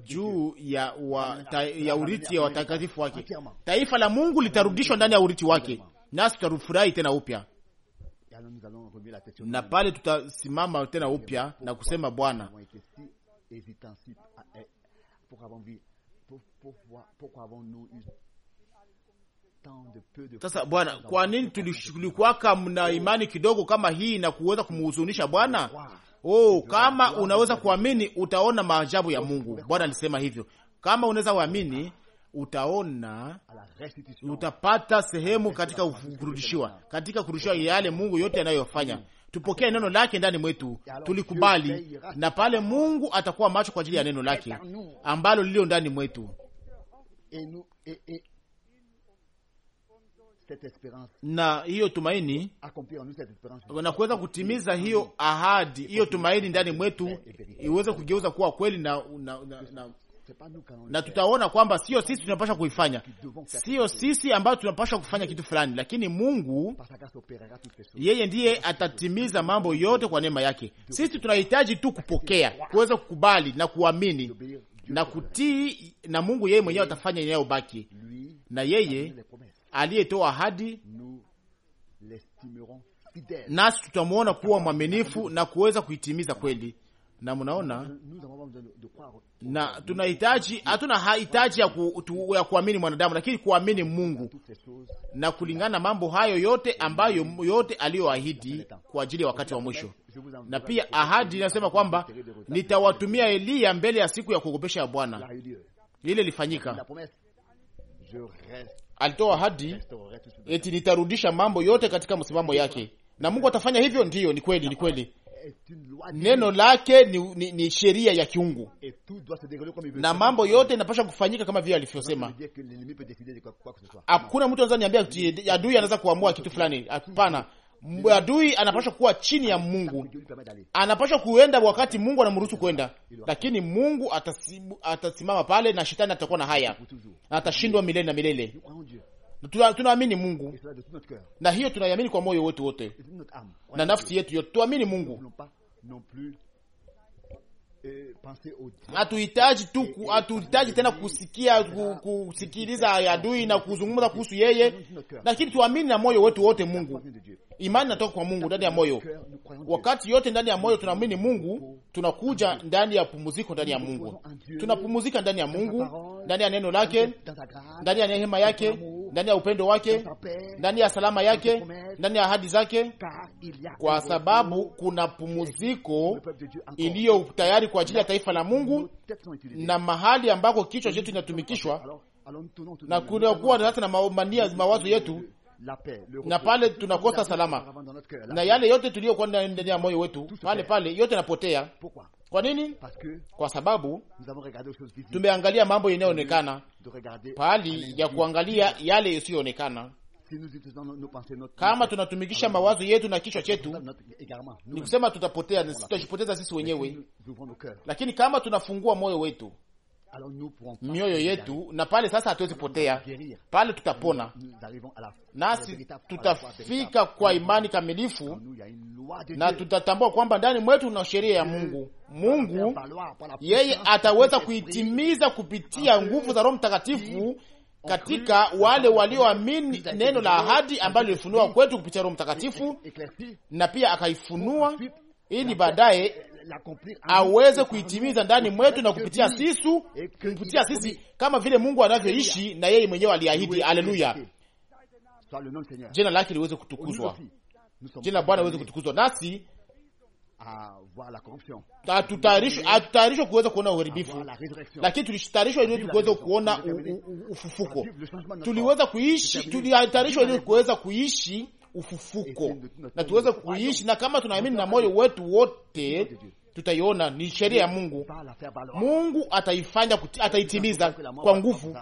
A: juu ya, wa, ta, ya urithi ya watakatifu wake. Taifa la Mungu litarudishwa ndani ya urithi wake, nasi tutafurahi tena upya na pale tutasimama tena upya na kusema Bwana, sasa Bwana, kwa nini tulikwaka mna imani kidogo kama hii na kuweza kumhuzunisha Bwana? Oh, kama unaweza kuamini utaona maajabu ya Mungu. Bwana alisema hivyo, kama unaweza kuamini utaona utapata sehemu katika kurudishiwa, katika kurudishiwa yale Mungu yote anayofanya. Mm. Tupokee neno lake ndani mwetu, tulikubali, na pale Mungu atakuwa macho kwa ajili ya neno lake ambalo lilio ndani mwetu na hiyo tumaini na kuweza kutimiza hiyo ahadi, hiyo tumaini ndani mwetu iweze kugeuza kuwa kweli na, na, na, na, na tutaona kwamba sio sisi tunapasha kuifanya, sio sisi ambayo tunapasha kufanya kitu fulani, lakini Mungu yeye ndiye atatimiza mambo yote kwa neema yake. Sisi tunahitaji tu kupokea, kuweza kukubali na kuamini na kutii, na Mungu yeye mwenyewe atafanya inayobaki, na yeye aliyetoa ahadi nasi tutamwona kuwa mwaminifu na kuweza kuitimiza kweli na mnaona, na tunahitaji, hatuna hitaji ya, ku, ya kuamini mwanadamu, lakini kuamini Mungu na kulingana mambo hayo yote ambayo yote aliyoahidi kwa ajili ya wakati wa mwisho. Na pia ahadi inasema kwamba nitawatumia Eliya mbele ya siku ya kuogopesha ya Bwana. Ile ilifanyika, alitoa ahadi eti nitarudisha mambo yote katika msimamo yake, na Mungu atafanya hivyo. Ndiyo, ni kweli, ni kweli neno lake ni, ni, ni sheria ya kiungu
B: na mambo yote
A: inapasha kufanyika kama vile alivyosema. Hakuna mtu anaweza niambia adui anaweza kuamua kitu fulani. Hapana, adui anapashwa kuwa chini ya Mungu, anapashwa kuenda wakati Mungu anamruhusu kwenda, lakini Mungu atasimama pale na shetani atakuwa na haya na atashindwa milele na milele tunaamini Mungu na hiyo tunaiamini kwa moyo wetu wote na nafsi yetu yote, tuamini Mungu.
B: Eh, hatuhitaji
A: tu hatuhitaji tena kusikia kusikiliza adui na kuzungumza kuhusu yeye, lakini tuamini na moyo wetu wote Mungu Imani natoka kwa Mungu ndani ya moyo. Wakati yote ndani ya moyo tunaamini Mungu, tunakuja ndani ya pumuziko ndani ya Mungu, tunapumuzika ndani ya Mungu, ndani ya neno lake, ndani ya neema yake, ndani ya upendo wake, ndani ya salama yake, ndani ya ahadi zake, kwa sababu kuna pumuziko iliyo tayari kwa ajili ya taifa la Mungu na mahali ambako kichwa chetu inatumikishwa
B: na kunakuwa
A: hata na mania mawazo yetu
B: na pale tunakosa salama na
A: yale yote tuliyokuwa ndani ya moyo wetu, pale pale yote napotea. Kwa nini? Kwa sababu tumeangalia mambo yanayoonekana pahali ya kuangalia yale yasiyoonekana. Kama tunatumikisha mawazo yetu na kichwa chetu, ni kusema tutapotea, tutajipoteza sisi wenyewe. Lakini kama tunafungua moyo wetu mioyo yetu, na pale sasa hatuwezi potea, pale tutapona nasi tutafika kwa imani kamilifu, na tutatambua kwamba ndani mwetu na sheria ya Mungu. Mungu yeye ataweza kuitimiza kupitia nguvu za Roho Mtakatifu katika wale walioamini neno la ahadi ambalo lilifunua kwetu kupitia Roho Mtakatifu, na pia akaifunua ili baadaye aweze kuitimiza ndani mwetu na kupitia sisu kupitia sisi, kama vile Mungu anavyoishi na yeye mwenyewe aliahidi. Haleluya, jina lake liweze kutukuzwa, jina Bwana liweze kutukuzwa. Nasi hatutayarishwa kuweza kuona uharibifu, lakini tulitayarishwa ili tuweze kuona ufufuko. Tuliweza kuishi, tulitayarishwa ili kuweza kuishi ufufuko na tuweze kuishi, na kama tunaamini na moyo wetu wote tutaiona ni sheria ya Mungu. Mungu ataifanya, ataitimiza kwa nguvu. Uh,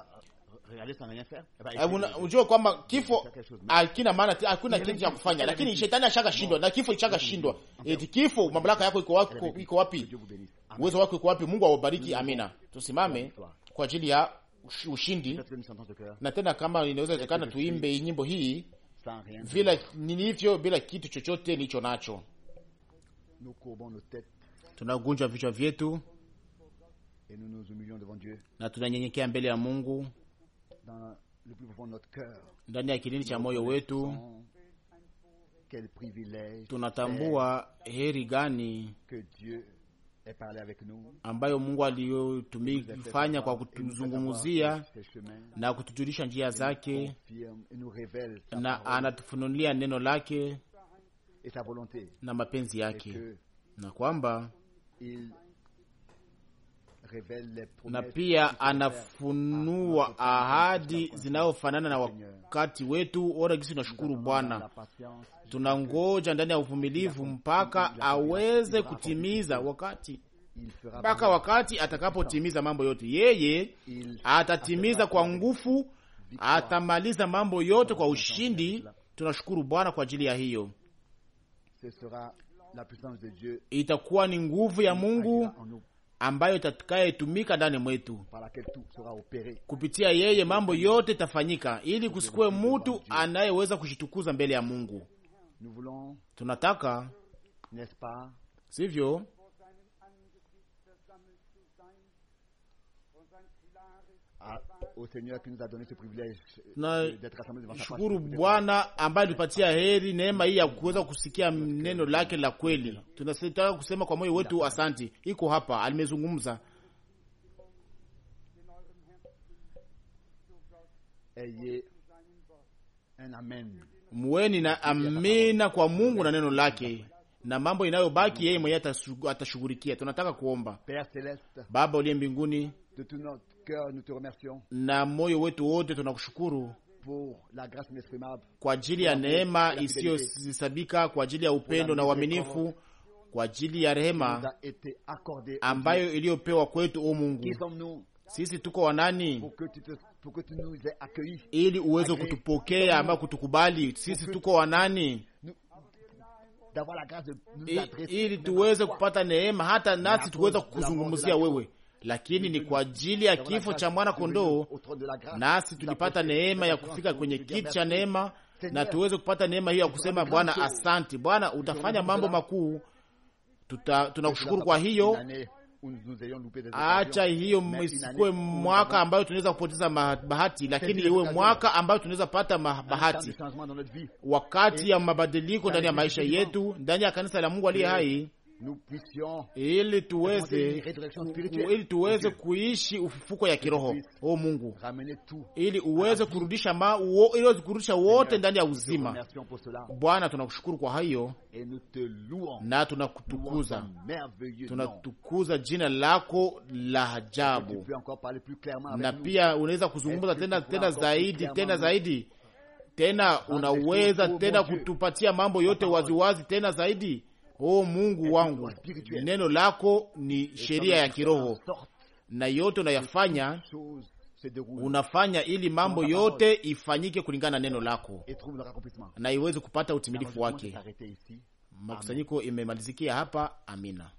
B: eh,
A: eh, Unajua kwamba kifo hakina maana, hakuna kitu cha kufanya, lakini shetani ashaka shindwa na kifo ichaka shindwa. Eti kifo, mamlaka yako iko wapi? Uwezo wako iko wapi? Mungu awabariki. Amina. Tusimame kwa ajili ya ushindi, na tena kama inaweza wezekana, tuimbe nyimbo hii vile nilivyo, bila kitu chochote nilicho nacho. Tunagunjwa vichwa vyetu na tunanyenyekea mbele ya Mungu ndani ya kilindi cha moyo wetu.
B: Tunatambua
A: heri gani que Dieu ambayo Mungu aliyofanya kwa kutuzungumzia na kutujulisha njia zake, na anatufunulia neno lake na mapenzi yake, na kwamba na pia anafunua ahadi zinazofanana na wakati wetu. Ora gisi, tunashukuru Bwana tunangoja ndani ya uvumilivu mpaka aweze kutimiza wakati mpaka wakati atakapotimiza mambo yote. Yeye atatimiza kwa nguvu, atamaliza mambo yote kwa ushindi. Tunashukuru Bwana kwa ajili ya hiyo. Itakuwa ni nguvu ya Mungu ambayo itakayetumika ndani mwetu, kupitia yeye mambo yote itafanyika, ili kusikuwe mutu anayeweza kushitukuza mbele ya Mungu tunataka sivyo,
B: tunashukuru ah, euh,
A: Bwana ambaye alipatia heri neema hii ya kuweza kusikia neno lake la kweli. Tunataka kusema kwa moyo wetu asanti. Iko hapa, alimezungumza Amen muweni na amina kwa Mungu na neno lake, na mambo inayobaki yeye mwenyewe atashughulikia. Tunataka kuomba. Baba uliye mbinguni, na moyo wetu wote tunakushukuru kwa ajili ya neema isiyohesabika, kwa ajili ya upendo na uaminifu, kwa ajili ya rehema ambayo iliyopewa kwetu. O Mungu, sisi tuko wanani ili uweze kutupokea ama kutukubali sisi tuko wanani, ili tuweze kupata neema hata nasi tuweze kukuzungumzia wewe lakini ni kwa ajili ya kifo cha mwana kondoo, nasi tulipata neema ya kufika kwenye kiti cha neema, na tuweze kupata neema hiyo ya kusema Bwana, asanti Bwana, utafanya mambo makuu. Tunakushukuru kwa hiyo,
B: Acha hiyo isikuwe mwaka ambayo
A: tunaweza kupoteza bahati, lakini iwe mwaka ambayo tunaweza kupata bahati, wakati ya mabadiliko ndani ya maisha yetu, ndani ya kanisa la Mungu aliye hai ili tuweze ili tuweze kuishi ufufuko ya kiroho o oh, Mungu, ili uweze kurudisha ma, uo, ili uweze kurudisha wote ndani ya uzima. Bwana, tunakushukuru kwa hayo na tunakutukuza, tunatukuza jina lako la ajabu, na pia unaweza kuzungumza tena tena zaidi tena zaidi tena, unaweza tena kutupatia mambo yote waziwazi tena zaidi O Mungu wangu, neno lako ni sheria ya kiroho, na yote unayafanya unafanya ili mambo yote ifanyike kulingana na neno lako
B: na iweze kupata utimilifu wake.
A: Makusanyiko imemalizikia hapa. Amina.